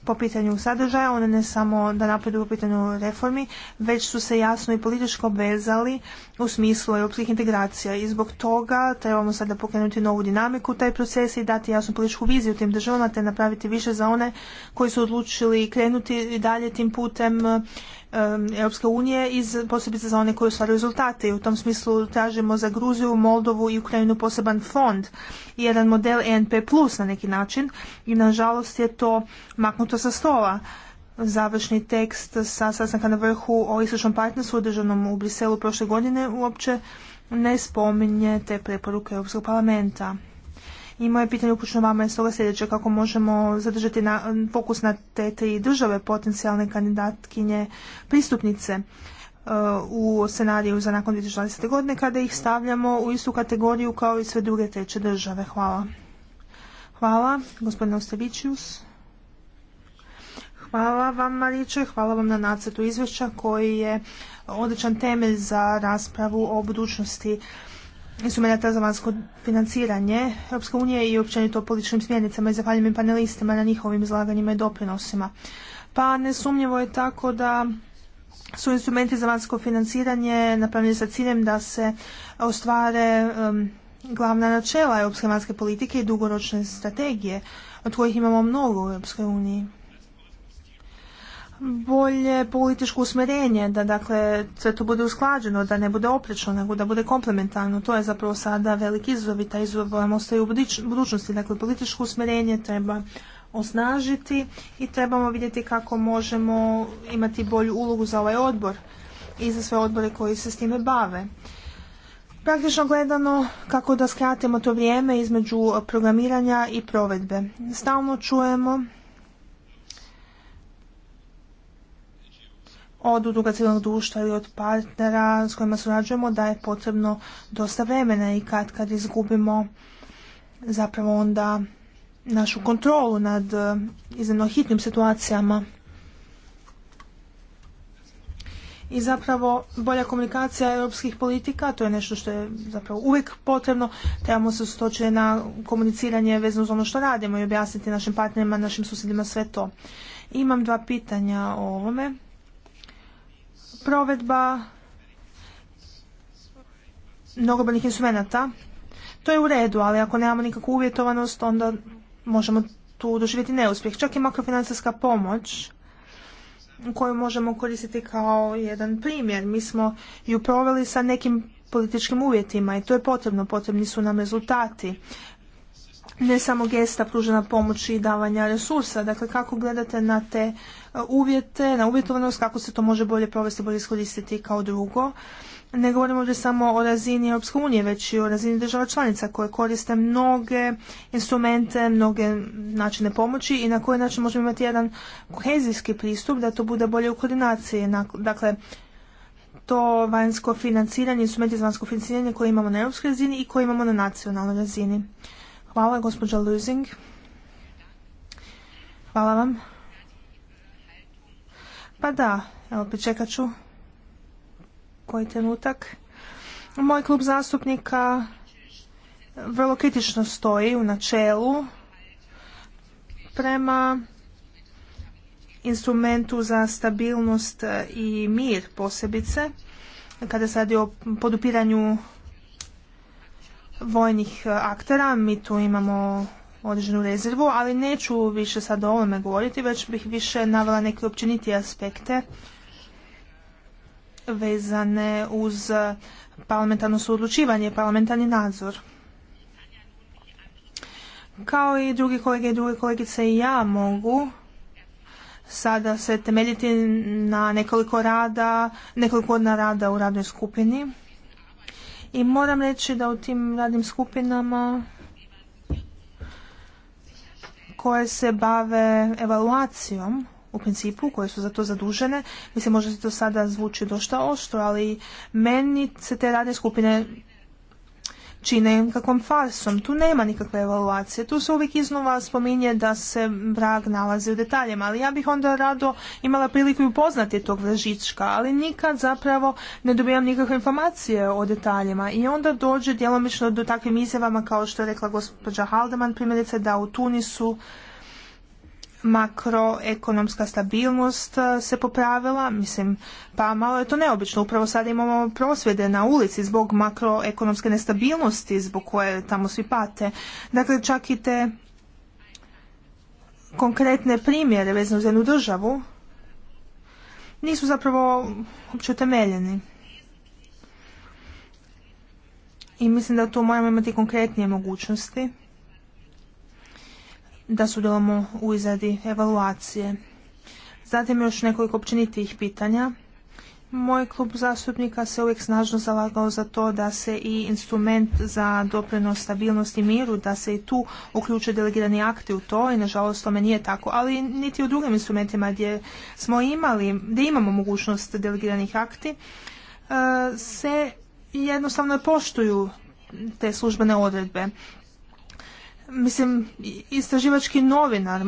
po pitanju sadržaja, one ne samo da napreduju po pitanju reformi, već su se jasno i političko obvezali u smislu europskih integracija i zbog toga trebamo sada pokrenuti novu dinamiku taj proces i dati jasnu političku viziju tim državama te napraviti više za one koji su odlučili krenuti dalje tim putem Europske unije i posebice za one koji ostvaruju rezultate. u tom smislu tražimo za Gruziju, Moldovu i Ukrajinu poseban fond i jedan model ENP plus na neki način i nažalost je to maknuto sa stola. Završni tekst sa sastanka na vrhu o istočnom partnerstvu održanom u Briselu prošle godine uopće ne spominje te preporuke Europskog parlamenta. I moje pitanje upućeno vama je stoga sljedeće, kako možemo zadržati fokus na te tri države potencijalne kandidatkinje pristupnice e, u scenariju za nakon 2020. godine kada ih stavljamo u istu kategoriju kao i sve druge treće države. Hvala. Hvala, gospodine Ostevićius. Hvala vam, Mariče hvala vam na nacetu izvješća koji je odličan temelj za raspravu o budućnosti instrumenta za vanjsko financiranje Europske unije i općenito političkim smjernicama i zahvaljujem panelistima na njihovim izlaganjima i doprinosima. Pa nesumnjivo je tako da su instrumenti za vanjsko financiranje napravljeni sa ciljem da se ostvare um, glavna načela europske vanjske politike i dugoročne strategije, od kojih imamo mnogo u Europskoj uniji bolje političko usmjerenje, da dakle sve to bude usklađeno, da ne bude oprečno, nego da bude komplementarno. To je zapravo sada veliki izazov i taj izazov ostaje u budućnosti. Dakle, političko usmjerenje treba osnažiti i trebamo vidjeti kako možemo imati bolju ulogu za ovaj odbor i za sve odbore koji se s time bave. Praktično gledano kako da skratimo to vrijeme između programiranja i provedbe. Stalno čujemo od udruga civilnog društva ili od partnera s kojima surađujemo da je potrebno dosta vremena i kad kad izgubimo zapravo onda našu kontrolu nad eh, iznimno hitnim situacijama. I zapravo bolja komunikacija europskih politika, to je nešto što je zapravo uvijek potrebno. Trebamo se ustočiti na komuniciranje vezano uz ono što radimo i objasniti našim partnerima, našim susjedima sve to. Imam dva pitanja o ovome provedba mnogobrojnih instrumenta. To je u redu, ali ako nemamo nikakvu uvjetovanost, onda možemo tu doživjeti neuspjeh. Čak i makrofinancijska pomoć koju možemo koristiti kao jedan primjer. Mi smo ju proveli sa nekim političkim uvjetima i to je potrebno. Potrebni su nam rezultati ne samo gesta pružena pomoći i davanja resursa. Dakle, kako gledate na te e, uvjete, na uvjetovanost, kako se to može bolje provesti, bolje iskoristiti kao drugo. Ne govorimo ovdje samo o razini Europske unije, već i o razini država članica koje koriste mnoge instrumente, mnoge načine pomoći i na koji način možemo imati jedan kohezijski pristup da to bude bolje u koordinaciji. Dakle, to vanjsko financiranje, instrumenti za vanjsko financiranje koje imamo na europskoj razini i koje imamo na nacionalnoj razini. Hvala, gospođa Luzing. Hvala vam. Pa da, evo, pričekat ću koji trenutak. Moj klub zastupnika vrlo kritično stoji u načelu prema instrumentu za stabilnost i mir posebice, kada se radi o podupiranju vojnih e, aktera, mi tu imamo određenu rezervu, ali neću više sad o ovome govoriti, već bih više navela neke općenitije aspekte vezane uz parlamentarno suodlučivanje, parlamentarni nadzor. Kao i drugi kolege i druge kolegice i ja mogu sada se temeljiti na nekoliko rada, nekoliko odna rada u radnoj skupini i moram reći da u tim radnim skupinama koje se bave evaluacijom u principu, koje su za to zadužene. Mislim, možda se to sada zvuči dosta oštro, ali meni se te radne skupine čine nekakvom farsom. Tu nema nikakve evaluacije. Tu se uvijek iznova spominje da se vrag nalazi u detaljima, ali ja bih onda rado imala priliku upoznati tog vražička, ali nikad zapravo ne dobijam nikakve informacije o detaljima i onda dođe djelomično do takvim izjavama kao što je rekla gospođa Haldeman primjerice da u Tunisu makroekonomska stabilnost e, se popravila, mislim, pa malo je to neobično. Upravo sada imamo prosvjede na ulici zbog makroekonomske nestabilnosti zbog koje tamo svi pate. Dakle, čak i te konkretne primjere vezano za jednu državu nisu zapravo uopće utemeljeni. I mislim da tu moramo imati konkretnije mogućnosti da sudjelujemo u izradi evaluacije. Zatim još nekoliko općenitijih pitanja. Moj klub zastupnika se uvijek snažno zalagao za to da se i instrument za doprinos stabilnosti i miru, da se i tu uključe delegirani akti u to i nažalost tome nije tako, ali niti u drugim instrumentima gdje smo imali, gdje imamo mogućnost delegiranih akti, e, se jednostavno poštuju te službene odredbe. Mislim, istraživački novinar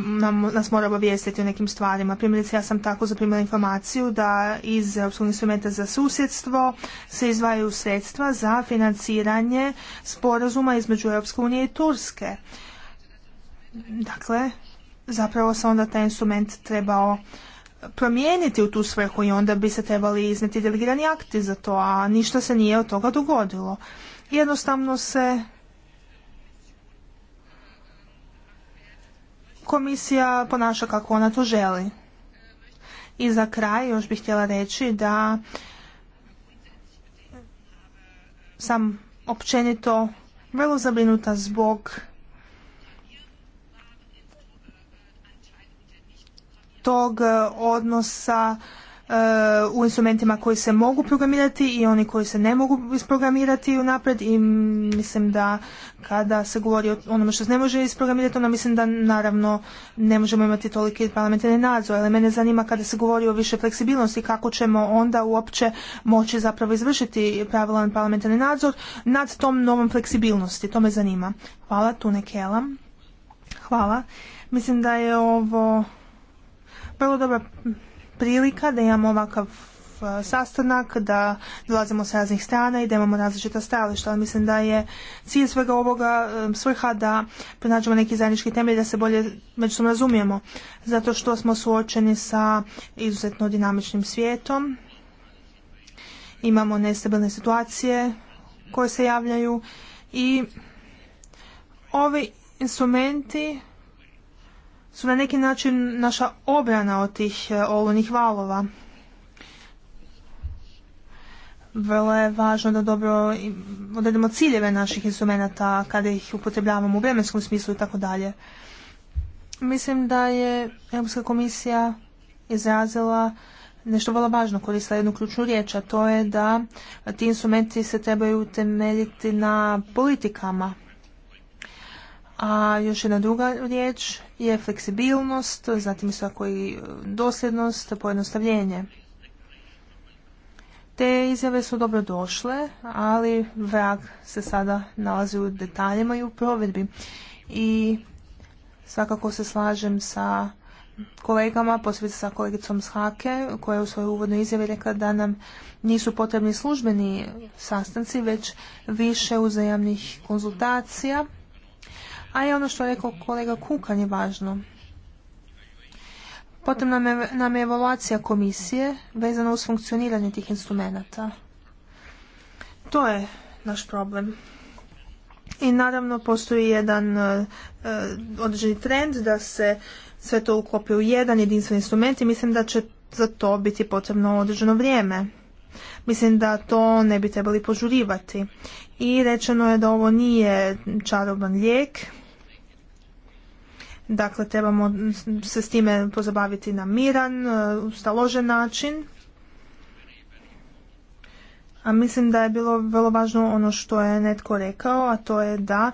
nas mora obavijestiti o nekim stvarima. Primjerice, ja sam tako zaprimila informaciju da iz Europskog instrumenta za susjedstvo se izdvajaju sredstva za financiranje sporazuma između Europske unije i Turske. Dakle, zapravo se onda taj instrument trebao promijeniti u tu svrhu i onda bi se trebali izneti delegirani akti za to, a ništa se nije od toga dogodilo. Jednostavno se komisija ponaša kako ona to želi. I za kraj još bih htjela reći da sam općenito vrlo zabrinuta zbog tog odnosa Eh, u instrumentima koji se mogu programirati i oni koji se ne mogu isprogramirati unaprijed i mislim da kada se govori o onome što se ne može isprogramirati onda mislim da naravno ne možemo imati toliki parlamentarni nadzor ali mene zanima kada se govori o više fleksibilnosti kako ćemo onda uopće moći zapravo izvršiti pravilan parlamentarni nadzor nad tom novom fleksibilnosti to me zanima hvala tu ne kelam hvala mislim da je ovo vrlo dobro prilika da imamo ovakav uh, sastanak, da dolazimo sa raznih strana i da imamo različita stajališta, ali mislim da je cilj svega ovoga um, svrha da pronađemo neki zajednički temelj da se bolje međusobno razumijemo, zato što smo suočeni sa izuzetno dinamičnim svijetom, imamo nestabilne situacije koje se javljaju i ovi instrumenti su na neki način naša obrana od tih e, olunih valova. Vrlo je važno da dobro odredimo ciljeve naših instrumenta kada ih upotrebljavamo u vremenskom smislu i tako dalje. Mislim da je Europska komisija izrazila nešto vrlo važno, koristila jednu ključnu riječ, a to je da ti instrumenti se trebaju utemeljiti na politikama a još jedna druga riječ je fleksibilnost, zatim svako i e, dosljednost, pojednostavljenje. Te izjave su dobro došle, ali vrag se sada nalazi u detaljima i u provedbi. I svakako se slažem sa kolegama, posebice sa kolegicom Shake, koja je u svojoj uvodnoj izjavi rekla da nam nisu potrebni službeni sastanci, već više uzajamnih konzultacija a je ono što je rekao kolega Kukan je važno. Potom nam je, evaluacija komisije vezana uz funkcioniranje tih instrumenata. To je naš problem. I naravno postoji jedan e, e, određeni trend da se sve to ukopi u jedan jedinstveni instrument i mislim da će za to biti potrebno određeno vrijeme. Mislim da to ne bi trebali požurivati. I rečeno je da ovo nije čaroban lijek, Dakle, trebamo se s time pozabaviti na miran, ustaložen e, način. A mislim da je bilo vrlo važno ono što je netko rekao, a to je da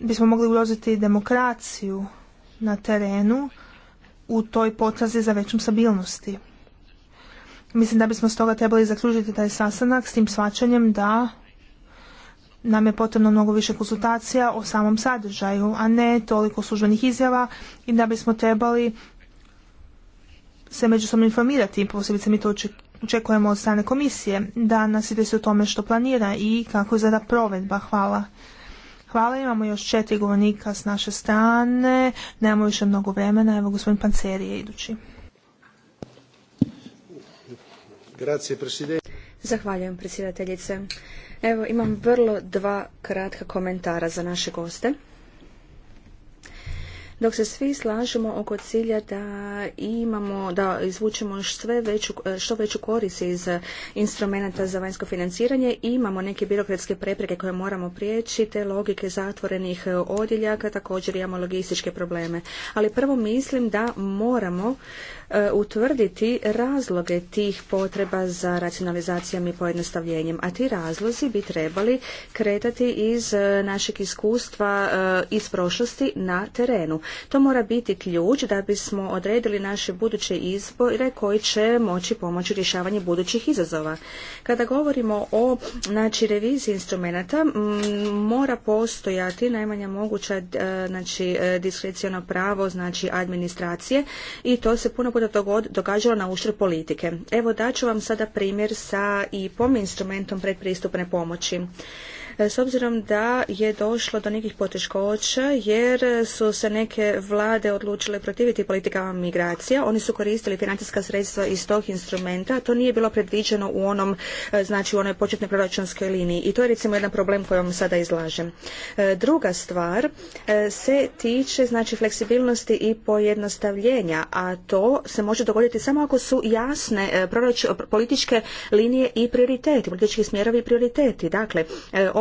bismo mogli ugroziti demokraciju na terenu u toj potrazi za većom stabilnosti. Mislim da bismo stoga trebali zaključiti taj sastanak s tim svačanjem da nam je potrebno mnogo više konsultacija o samom sadržaju, a ne toliko službenih izjava i da bismo trebali se međusobno informirati, posebice mi to očekujemo od strane komisije, da nas ide se o tome što planira i kako zada provedba. Hvala. Hvala, imamo još četiri govornika s naše strane, nemamo više mnogo vremena, evo gospodin Panceri je idući. Zahvaljujem, predsjedateljice. Evo, imam vrlo dva kratka komentara za naše goste. Dok se svi slažemo oko cilja da imamo, da izvučemo sve veću, što veću korist iz instrumenta za vanjsko financiranje, imamo neke birokratske prepreke koje moramo prijeći, te logike zatvorenih odjeljaka, također imamo logističke probleme. Ali prvo mislim da moramo E, utvrditi razloge tih potreba za racionalizacijom i pojednostavljenjem, a ti razlozi bi trebali kretati iz e, našeg iskustva e, iz prošlosti na terenu. To mora biti ključ da bismo odredili naše buduće izbore koji će moći pomoći rješavanje budućih izazova. Kada govorimo o znači, reviziji instrumenta, mora postojati najmanja moguća znači, diskrecijno pravo znači, administracije i to se puno da to događalo na uštrb politike. Evo daću vam sada primjer sa IPOM, instrumentom predpristupne pomoći. E, s obzirom da je došlo do nekih poteškoća jer su se neke vlade odlučile protiviti politikama migracija. Oni su koristili financijska sredstva iz tog instrumenta. To nije bilo predviđeno u onom, e, znači u onoj početnoj proračunskoj liniji. I to je recimo jedan problem koji vam sada izlažem. E, druga stvar se tiče znači fleksibilnosti i pojednostavljenja, a to se može dogoditi samo ako su jasne političke linije i prioriteti, politički smjerovi i prioriteti. Dakle,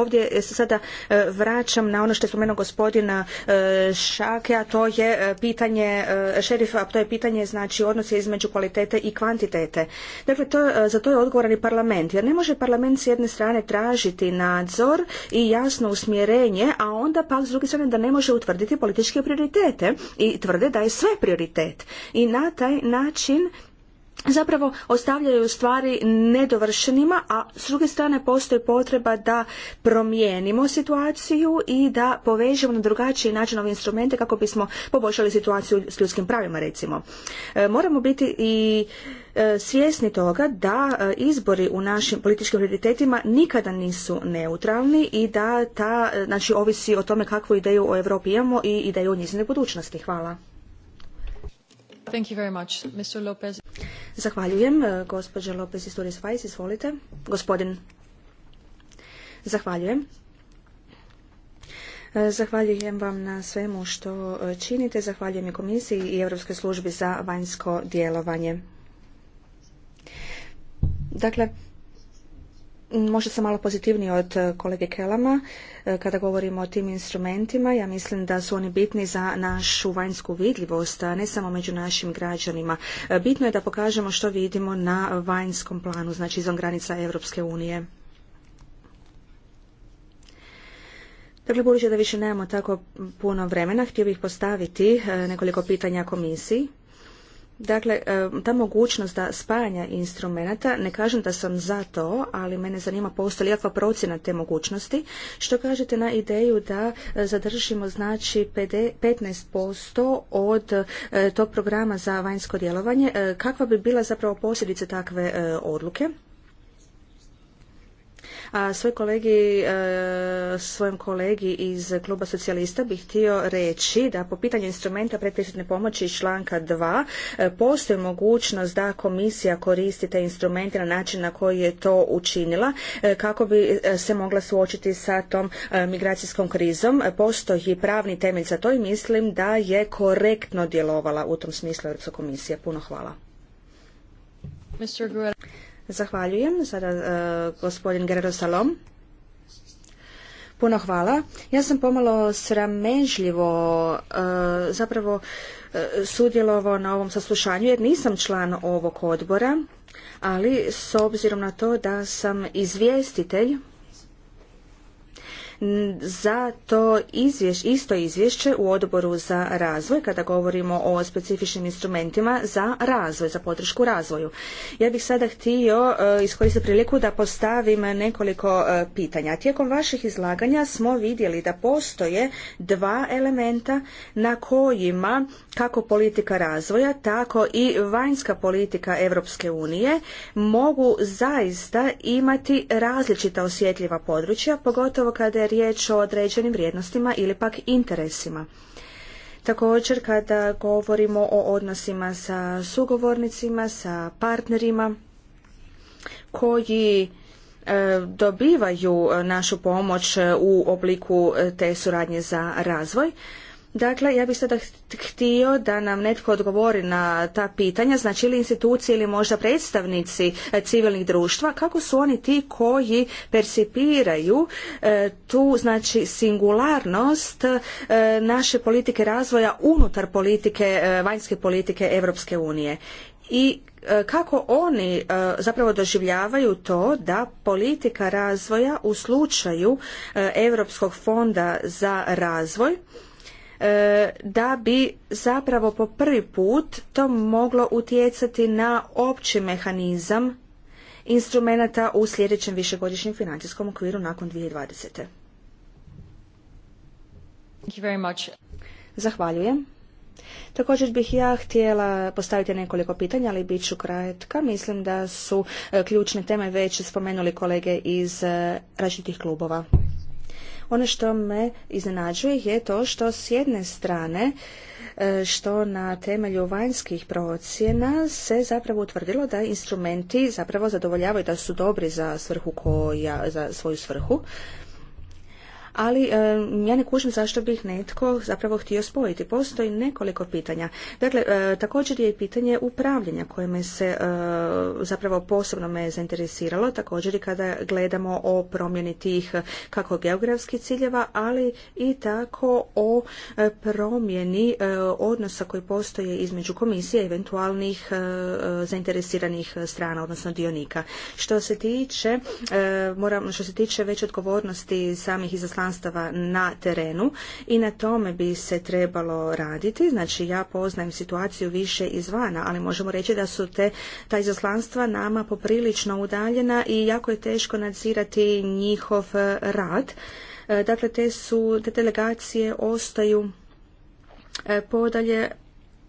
ovdje e, se sada e, vraćam na ono što je spomenuo gospodina e, Šake, a to je pitanje šerifa, a to je pitanje znači odnose između kvalitete i kvantitete. Dakle, to, za to je odgovoran i parlament, jer ne može parlament s jedne strane tražiti nadzor i jasno usmjerenje, a onda pak s druge strane da ne može utvrditi političke prioritete i tvrde da je sve prioritet. I na taj način zapravo ostavljaju stvari nedovršenima, a s druge strane postoji potreba da promijenimo situaciju i da povežemo na drugačiji način ove instrumente kako bismo poboljšali situaciju s ljudskim pravima recimo. E, moramo biti i e, svjesni toga da e, izbori u našim političkim prioritetima nikada nisu neutralni i da ta, znači ovisi o tome kakvu ideju o Europi imamo i ideju o njezinoj budućnosti. Hvala. Thank Zahvaljujem. E, gospođa Lopez Isturis Fajs, izvolite. Gospodin. Zahvaljujem. E, zahvaljujem vam na svemu što e, činite. Zahvaljujem i Komisiji i Europskoj službi za vanjsko djelovanje. Dakle, Možda sam malo pozitivniji od e, kolege Kelama e, kada govorimo o tim instrumentima. Ja mislim da su oni bitni za našu vanjsku vidljivost, a ne samo među našim građanima. E, bitno je da pokažemo što vidimo na vanjskom planu, znači izvan granica Europske unije. Dakle, budući da više nemamo tako puno vremena, htio bih postaviti nekoliko pitanja komisiji. Dakle, e, ta mogućnost da spajanja instrumenta, ne kažem da sam za to, ali mene zanima postoji li kakva procjena te mogućnosti. Što kažete na ideju da e, zadržimo znači 15% od e, tog programa za vanjsko djelovanje, kakva bi bila zapravo posljedica takve odluke? A svoj kolegi, e, svojem kolegi iz kluba socijalista bih htio reći da po pitanju instrumenta pretpristupne pomoći iz članka 2 e, postoji mogućnost da komisija koristi te instrumente na način na koji je to učinila e, kako bi se mogla suočiti sa tom migracijskom krizom. Postoji pravni temelj za to i mislim da je korektno djelovala u tom smislu Europska komisija. Puno hvala. Mr. Zahvaljujem. Sada e, gospodin Gerardo Salom. Puno hvala. Ja sam pomalo sramežljivo e, zapravo e, sudjelovao na ovom saslušanju jer nisam član ovog odbora, ali s obzirom na to da sam izvjestitelj za to isto izvješće u odboru za razvoj kada govorimo o specifičnim instrumentima za razvoj, za podršku razvoju. Ja bih sada htio e, iskoristiti priliku da postavim nekoliko e, pitanja. Tijekom vaših izlaganja smo vidjeli da postoje dva elementa na kojima kako politika razvoja, tako i vanjska politika Europske unije mogu zaista imati različita osjetljiva područja, pogotovo kada je riječ o određenim vrijednostima ili pak interesima. Također kada govorimo o odnosima sa sugovornicima, sa partnerima koji e, dobivaju našu pomoć u obliku te suradnje za razvoj Dakle, ja bih sada htio da nam netko odgovori na ta pitanja, znači ili institucije ili možda predstavnici e, civilnih društva, kako su oni ti koji percipiraju e, tu znači singularnost e, naše politike razvoja unutar politike, vanjske politike Europske unije i kako oni zapravo doživljavaju to da politika razvoja u slučaju Europskog fonda za razvoj E, da bi zapravo po prvi put to moglo utjecati na opći mehanizam instrumenata u sljedećem višegodišnjem financijskom okviru nakon 2020. Thank you very much. Zahvaljujem. Također bih ja htjela postaviti nekoliko pitanja, ali bit ću kratka. Mislim da su e, ključne teme već spomenuli kolege iz e, različitih klubova. Ono što me iznenađuje je to što s jedne strane e, što na temelju vanjskih procjena se zapravo utvrdilo da instrumenti zapravo zadovoljavaju da su dobri za svrhu koja, za svoju svrhu, ali e, ja ne kužim zašto bi netko zapravo htio spojiti. Postoji nekoliko pitanja. Dakle, e, također je i pitanje upravljanja koje me se e, zapravo posebno me zainteresiralo, također i kada gledamo o promjeni tih kako geografskih ciljeva, ali i tako o promjeni odnosa koji postoje između komisije eventualnih zainteresiranih strana, odnosno dionika. Što se tiče, moram, što se tiče već odgovornosti samih izaslanstava nastava na terenu i na tome bi se trebalo raditi. Znači ja poznajem situaciju više izvana, ali možemo reći da su te, ta izaslanstva nama poprilično udaljena i jako je teško nadzirati njihov e, rad. E, dakle, te, su, te delegacije ostaju e, podalje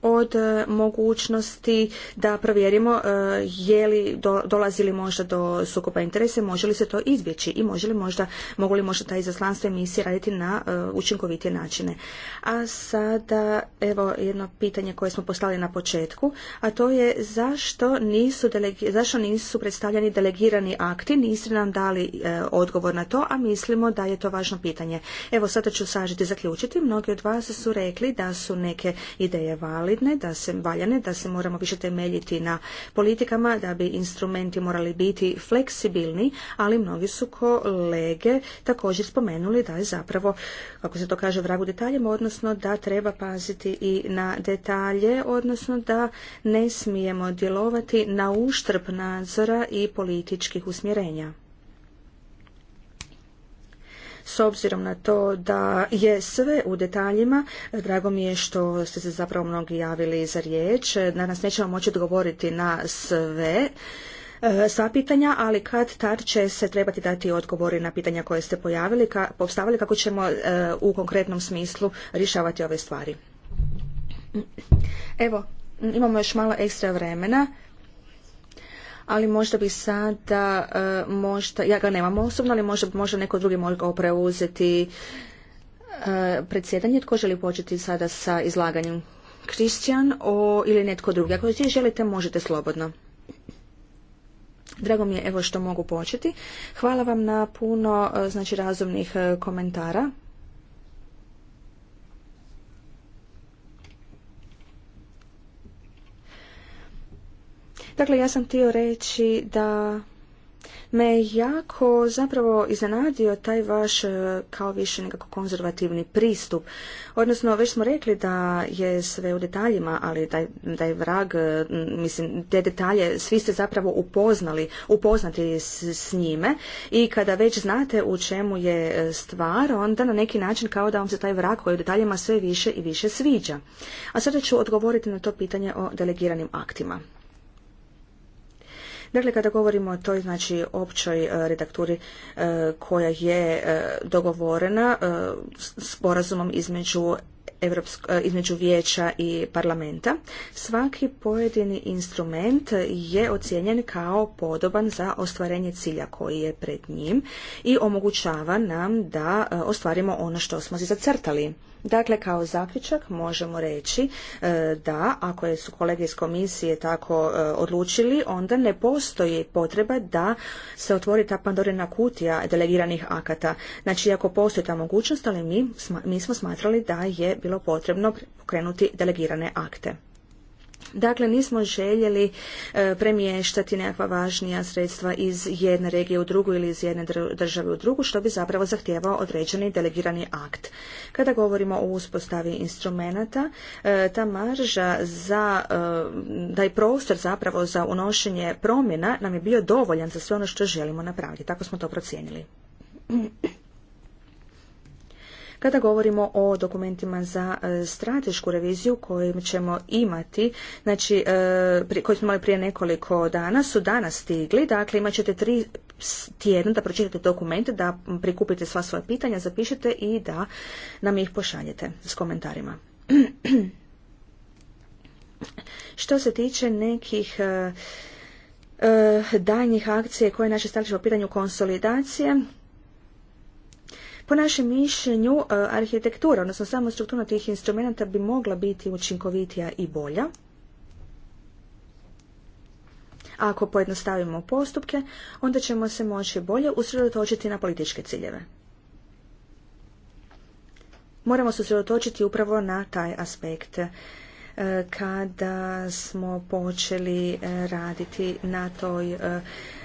od e, mogućnosti da provjerimo e, je li dolazi li možda do sukoba interesa, može li se to izbjeći i može li možda, mogu li možda ta izaslanstva emisije raditi na e, učinkovitije načine. A sada evo jedno pitanje koje smo poslali na početku, a to je zašto nisu, zašto nisu predstavljeni delegirani akti, niste nam dali odgovor na to, a mislimo da je to važno pitanje. Evo sada ću sažiti zaključiti, mnogi od vas su rekli da su neke ideje validne, da se valjane, da se moramo više temeljiti na politikama, da bi instrumenti morali biti fleksibilni, ali mnogi su kolege također spomenuli da je zapravo, kako se to kaže, vragu detaljima, odnosno da treba paziti i na detalje, odnosno da ne smijemo djelovati na uštrb nadzora i političkih usmjerenja. S obzirom na to da je sve u detaljima, drago mi je što ste se zapravo mnogi javili za riječ. Danas nećemo moći odgovoriti na sve e, sva pitanja, ali kad tad će se trebati dati odgovori na pitanja koje ste pojavili, postavili kako ćemo e, u konkretnom smislu rješavati ove stvari. Evo, imamo još malo ekstra vremena ali možda bi sada, e, možda, ja ga nemam osobno, ali možda, možda neko drugi može preuzeti e, predsjedanje. Tko želi početi sada sa izlaganjem? Kristijan ili netko drugi? Ako ti želite, možete slobodno. Drago mi je evo što mogu početi. Hvala vam na puno e, znači razumnih komentara Dakle, ja sam htio reći da me jako zapravo iznenadio taj vaš e, kao više nekako konzervativni pristup. Odnosno, već smo rekli da je sve u detaljima, ali da je vrag, e, mislim, te detalje svi ste zapravo upoznali, upoznati s, s njime i kada već znate u čemu je e, stvar, onda na neki način kao da vam se taj vrag koji u detaljima sve više i više sviđa. A sada ću odgovoriti na to pitanje o delegiranim aktima. Dakle, kada govorimo o toj znači općoj e, redakturi e, koja je e, dogovorena sporazumom između između vijeća i parlamenta. Svaki pojedini instrument je ocijenjen kao podoban za ostvarenje cilja koji je pred njim i omogućava nam da ostvarimo ono što smo si zacrtali. Dakle, kao zaključak možemo reći e, da ako su kolege iz komisije tako e, odlučili, onda ne postoji potreba da se otvori ta pandorina kutija delegiranih akata. Znači, ako postoji ta mogućnost, ali mi, mi smo smatrali da je bilo potrebno pokrenuti delegirane akte. Dakle, nismo željeli e, premještati nekakva važnija sredstva iz jedne regije u drugu ili iz jedne države u drugu, što bi zapravo zahtijevao određeni delegirani akt. Kada govorimo o uspostavi instrumenata, e, ta marža za, da je prostor zapravo za unošenje promjena nam je bio dovoljan za sve ono što želimo napraviti. Tako smo to procijenili. Kada govorimo o dokumentima za e, stratešku reviziju kojim ćemo imati, znači e, koji smo imali prije nekoliko dana, su danas stigli, dakle imat ćete tri tjedna da pročitate dokumente, da prikupite sva svoja pitanja, zapišete i da nam ih pošaljete s komentarima. <clears throat> Što se tiče nekih e, daljnjih akcije koje je naše stajalište po pitanju konsolidacije, po našem mišljenju, e, arhitektura, odnosno samo struktura tih instrumenta bi mogla biti učinkovitija i bolja. Ako pojednostavimo postupke, onda ćemo se moći bolje usredotočiti na političke ciljeve. Moramo se usredotočiti upravo na taj aspekt e, kada smo počeli e, raditi na toj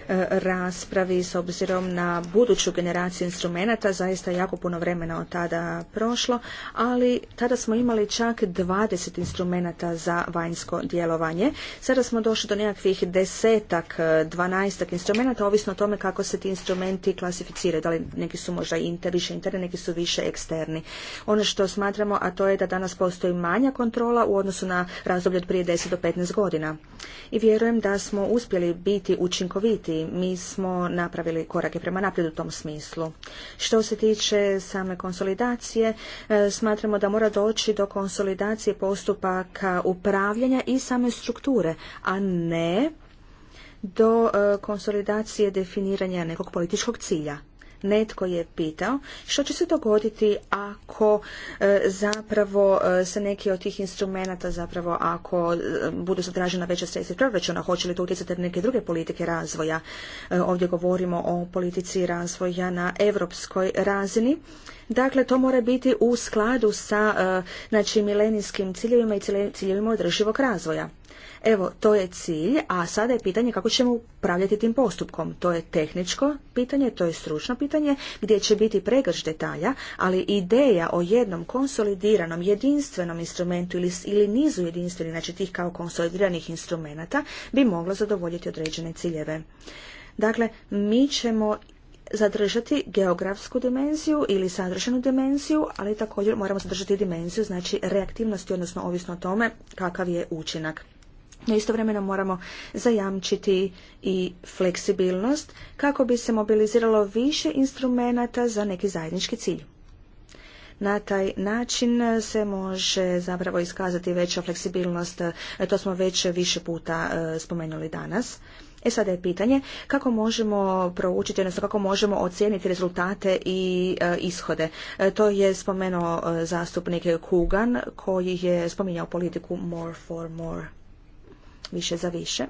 E, raspravi s obzirom na buduću generaciju instrumenata. Zaista jako puno vremena od tada prošlo, ali tada smo imali čak 20 instrumenata za vanjsko djelovanje. Sada smo došli do nekakvih desetak, e, dvanaestak instrumenata, ovisno o tome kako se ti instrumenti klasificiraju. Da li neki su možda više interni, neki su više eksterni. Ono što smatramo, a to je da danas postoji manja kontrola u odnosu na razdoblje od prije 10 do 15 godina. I vjerujem da smo uspjeli biti učinkoviti mi smo napravili korake prema naprijed u tom smislu. Što se tiče same konsolidacije, e, smatramo da mora doći do konsolidacije postupaka upravljanja i same strukture, a ne do e, konsolidacije definiranja nekog političkog cilja. Netko je pitao što će se dogoditi ako e, zapravo e, se neki od tih instrumenata zapravo ako e, budu zatražena veća sredstva proračuna, hoće li to utjecati na neke druge politike razvoja. Ovdje govorimo o politici razvoja na europskoj razini. Dakle, to mora biti u skladu sa znači, milenijskim ciljevima i ciljevima održivog razvoja. Evo, to je cilj, a sada je pitanje kako ćemo upravljati tim postupkom. To je tehničko pitanje, to je stručno pitanje, gdje će biti pregrž detalja, ali ideja o jednom konsolidiranom, jedinstvenom instrumentu ili, ili nizu jedinstvenih, znači tih kao konsolidiranih instrumenata, bi mogla zadovoljiti određene ciljeve. Dakle, mi ćemo zadržati geografsku dimenziju ili sadržanu dimenziju, ali također moramo zadržati dimenziju, znači reaktivnosti, odnosno ovisno o tome kakav je učinak no istovremeno moramo zajamčiti i fleksibilnost kako bi se mobiliziralo više instrumenata za neki zajednički cilj. Na taj način se može zapravo iskazati veća fleksibilnost, e, to smo već više puta e, spomenuli danas. E sada je pitanje kako možemo proučiti, odnosno kako možemo ocijeniti rezultate i e, ishode. to je spomenuo zastupnik Kugan koji je spominjao politiku more for more više za više.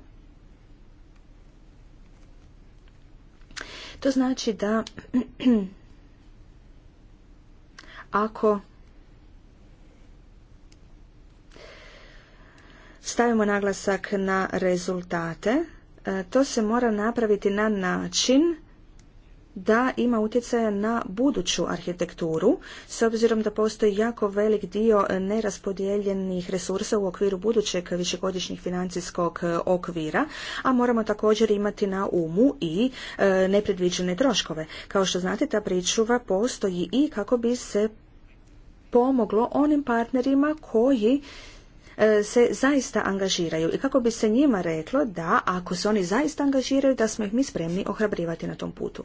To znači da <clears throat> ako stavimo naglasak na rezultate, e, to se mora napraviti na način da ima utjecaja na buduću arhitekturu, s obzirom da postoji jako velik dio neraspodijeljenih resursa u okviru budućeg višegodišnjeg financijskog e, okvira, a moramo također imati na umu i e, nepredviđene troškove. Kao što znate, ta pričuva postoji i kako bi se pomoglo onim partnerima koji e, se zaista angažiraju i kako bi se njima reklo da ako se oni zaista angažiraju da smo ih mi spremni ohrabrivati na tom putu.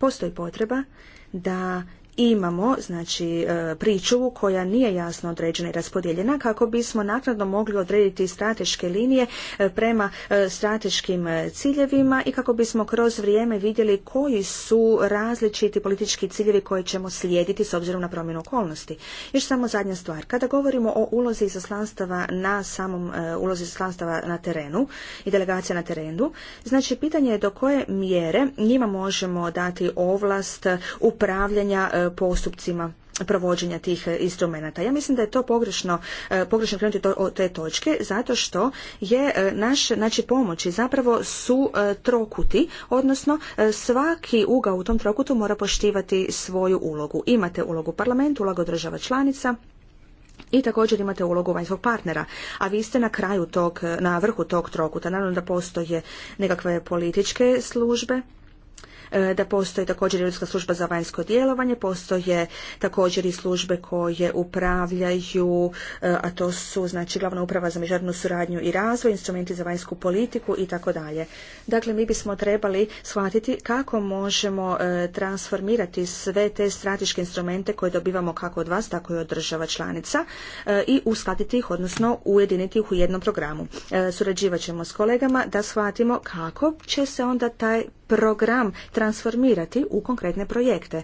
Postoji potreba da imamo znači e, pričuvu koja nije jasno određena i raspodijeljena kako bismo naknadno mogli odrediti strateške linije e, prema e, strateškim ciljevima i kako bismo kroz vrijeme vidjeli koji su različiti politički ciljevi koje ćemo slijediti s obzirom na promjenu okolnosti. Još samo zadnja stvar. Kada govorimo o ulozi izaslanstava na samom ulozi zaslanstava na terenu i delegacija na terenu, znači pitanje je do koje mjere njima možemo dati ovlast upravljanja postupcima provođenja tih instrumenata. Ja mislim da je to pogrešno, e, pogrešno krenuti od te točke, zato što je e, naš, znači pomoći zapravo su e, trokuti, odnosno svaki uga u tom trokutu mora poštivati svoju ulogu. Imate ulogu parlamentu, ulogu država članica, i također imate ulogu vanjskog partnera, a vi ste na kraju tog, na vrhu tog trokuta. Naravno da postoje nekakve političke službe, E, da postoji također Europska služba za vanjsko djelovanje, postoje također i službe koje upravljaju, e, a to su znači glavna uprava za međunarodnu suradnju i razvoj, instrumenti za vanjsku politiku i tako dalje. Dakle, mi bismo trebali shvatiti kako možemo e, transformirati sve te strateške instrumente koje dobivamo kako od vas, tako i od država članica i uskladiti ih, odnosno ujediniti ih u jednom programu. Surađivat ćemo s kolegama da shvatimo kako će se onda taj program transformirati u konkretne projekte.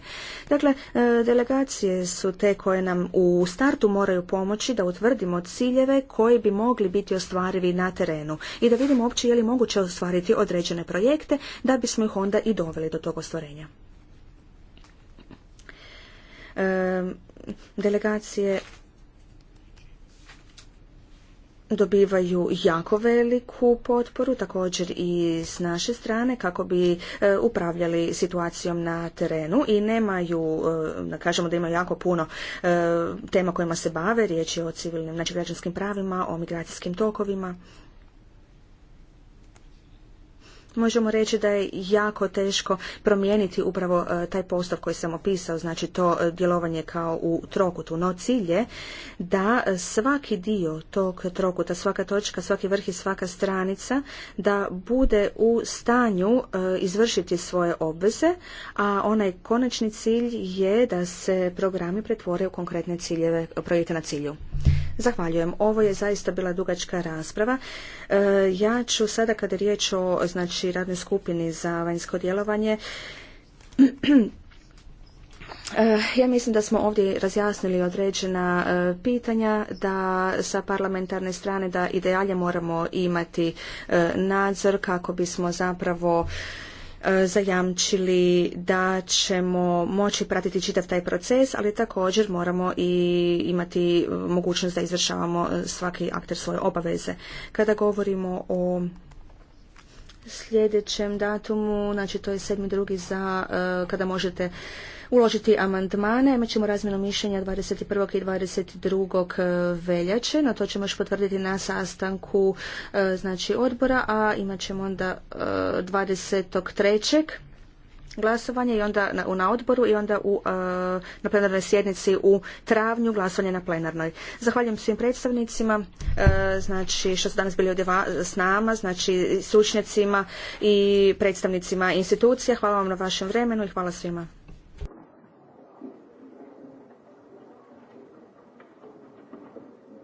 Dakle, e, delegacije su te koje nam u startu moraju pomoći da utvrdimo ciljeve koji bi mogli biti ostvarivi na terenu i da vidimo uopće je li moguće ostvariti određene projekte da bismo ih onda i doveli do tog ostvarenja. E, delegacije dobivaju jako veliku potporu također i s naše strane kako bi e, upravljali situacijom na terenu i nemaju e, da kažemo da imaju jako puno e, tema kojima se bave riječ je o civilnim znači građanskim pravima o migracijskim tokovima možemo reći da je jako teško promijeniti upravo e, taj postav koji sam opisao, znači to e, djelovanje kao u trokutu. No cilj je da svaki dio tog trokuta, svaka točka, svaki vrh i svaka stranica da bude u stanju e, izvršiti svoje obveze, a onaj konačni cilj je da se programi pretvore u konkretne ciljeve, projekte na cilju. Zahvaljujem. Ovo je zaista bila dugačka rasprava. E, ja ću sada kada je riječ o znači, radnoj skupini za vanjsko djelovanje <clears throat> e, ja mislim da smo ovdje razjasnili određena e, pitanja da sa parlamentarne strane da idealje moramo imati nadzor kako bismo zapravo E, zajamčili da ćemo moći pratiti čitav taj proces, ali također moramo i imati mogućnost da izvršavamo e, svaki akter svoje obaveze. Kada govorimo o sljedećem datumu, znači to je 7.2. za e, kada možete uložiti amandmane. Imat ćemo razmjenu mišljenja 21. i 22. E, veljače. Na to ćemo još potvrditi na sastanku e, znači odbora, a imat ćemo onda 23 e, glasovanje i onda na, na odboru i onda u, na plenarnoj sjednici u travnju glasovanje na plenarnoj. Zahvaljujem svim predstavnicima znači što su danas bili ovdje s nama, znači sučnjacima i predstavnicima institucija. Hvala vam na vašem vremenu i hvala svima.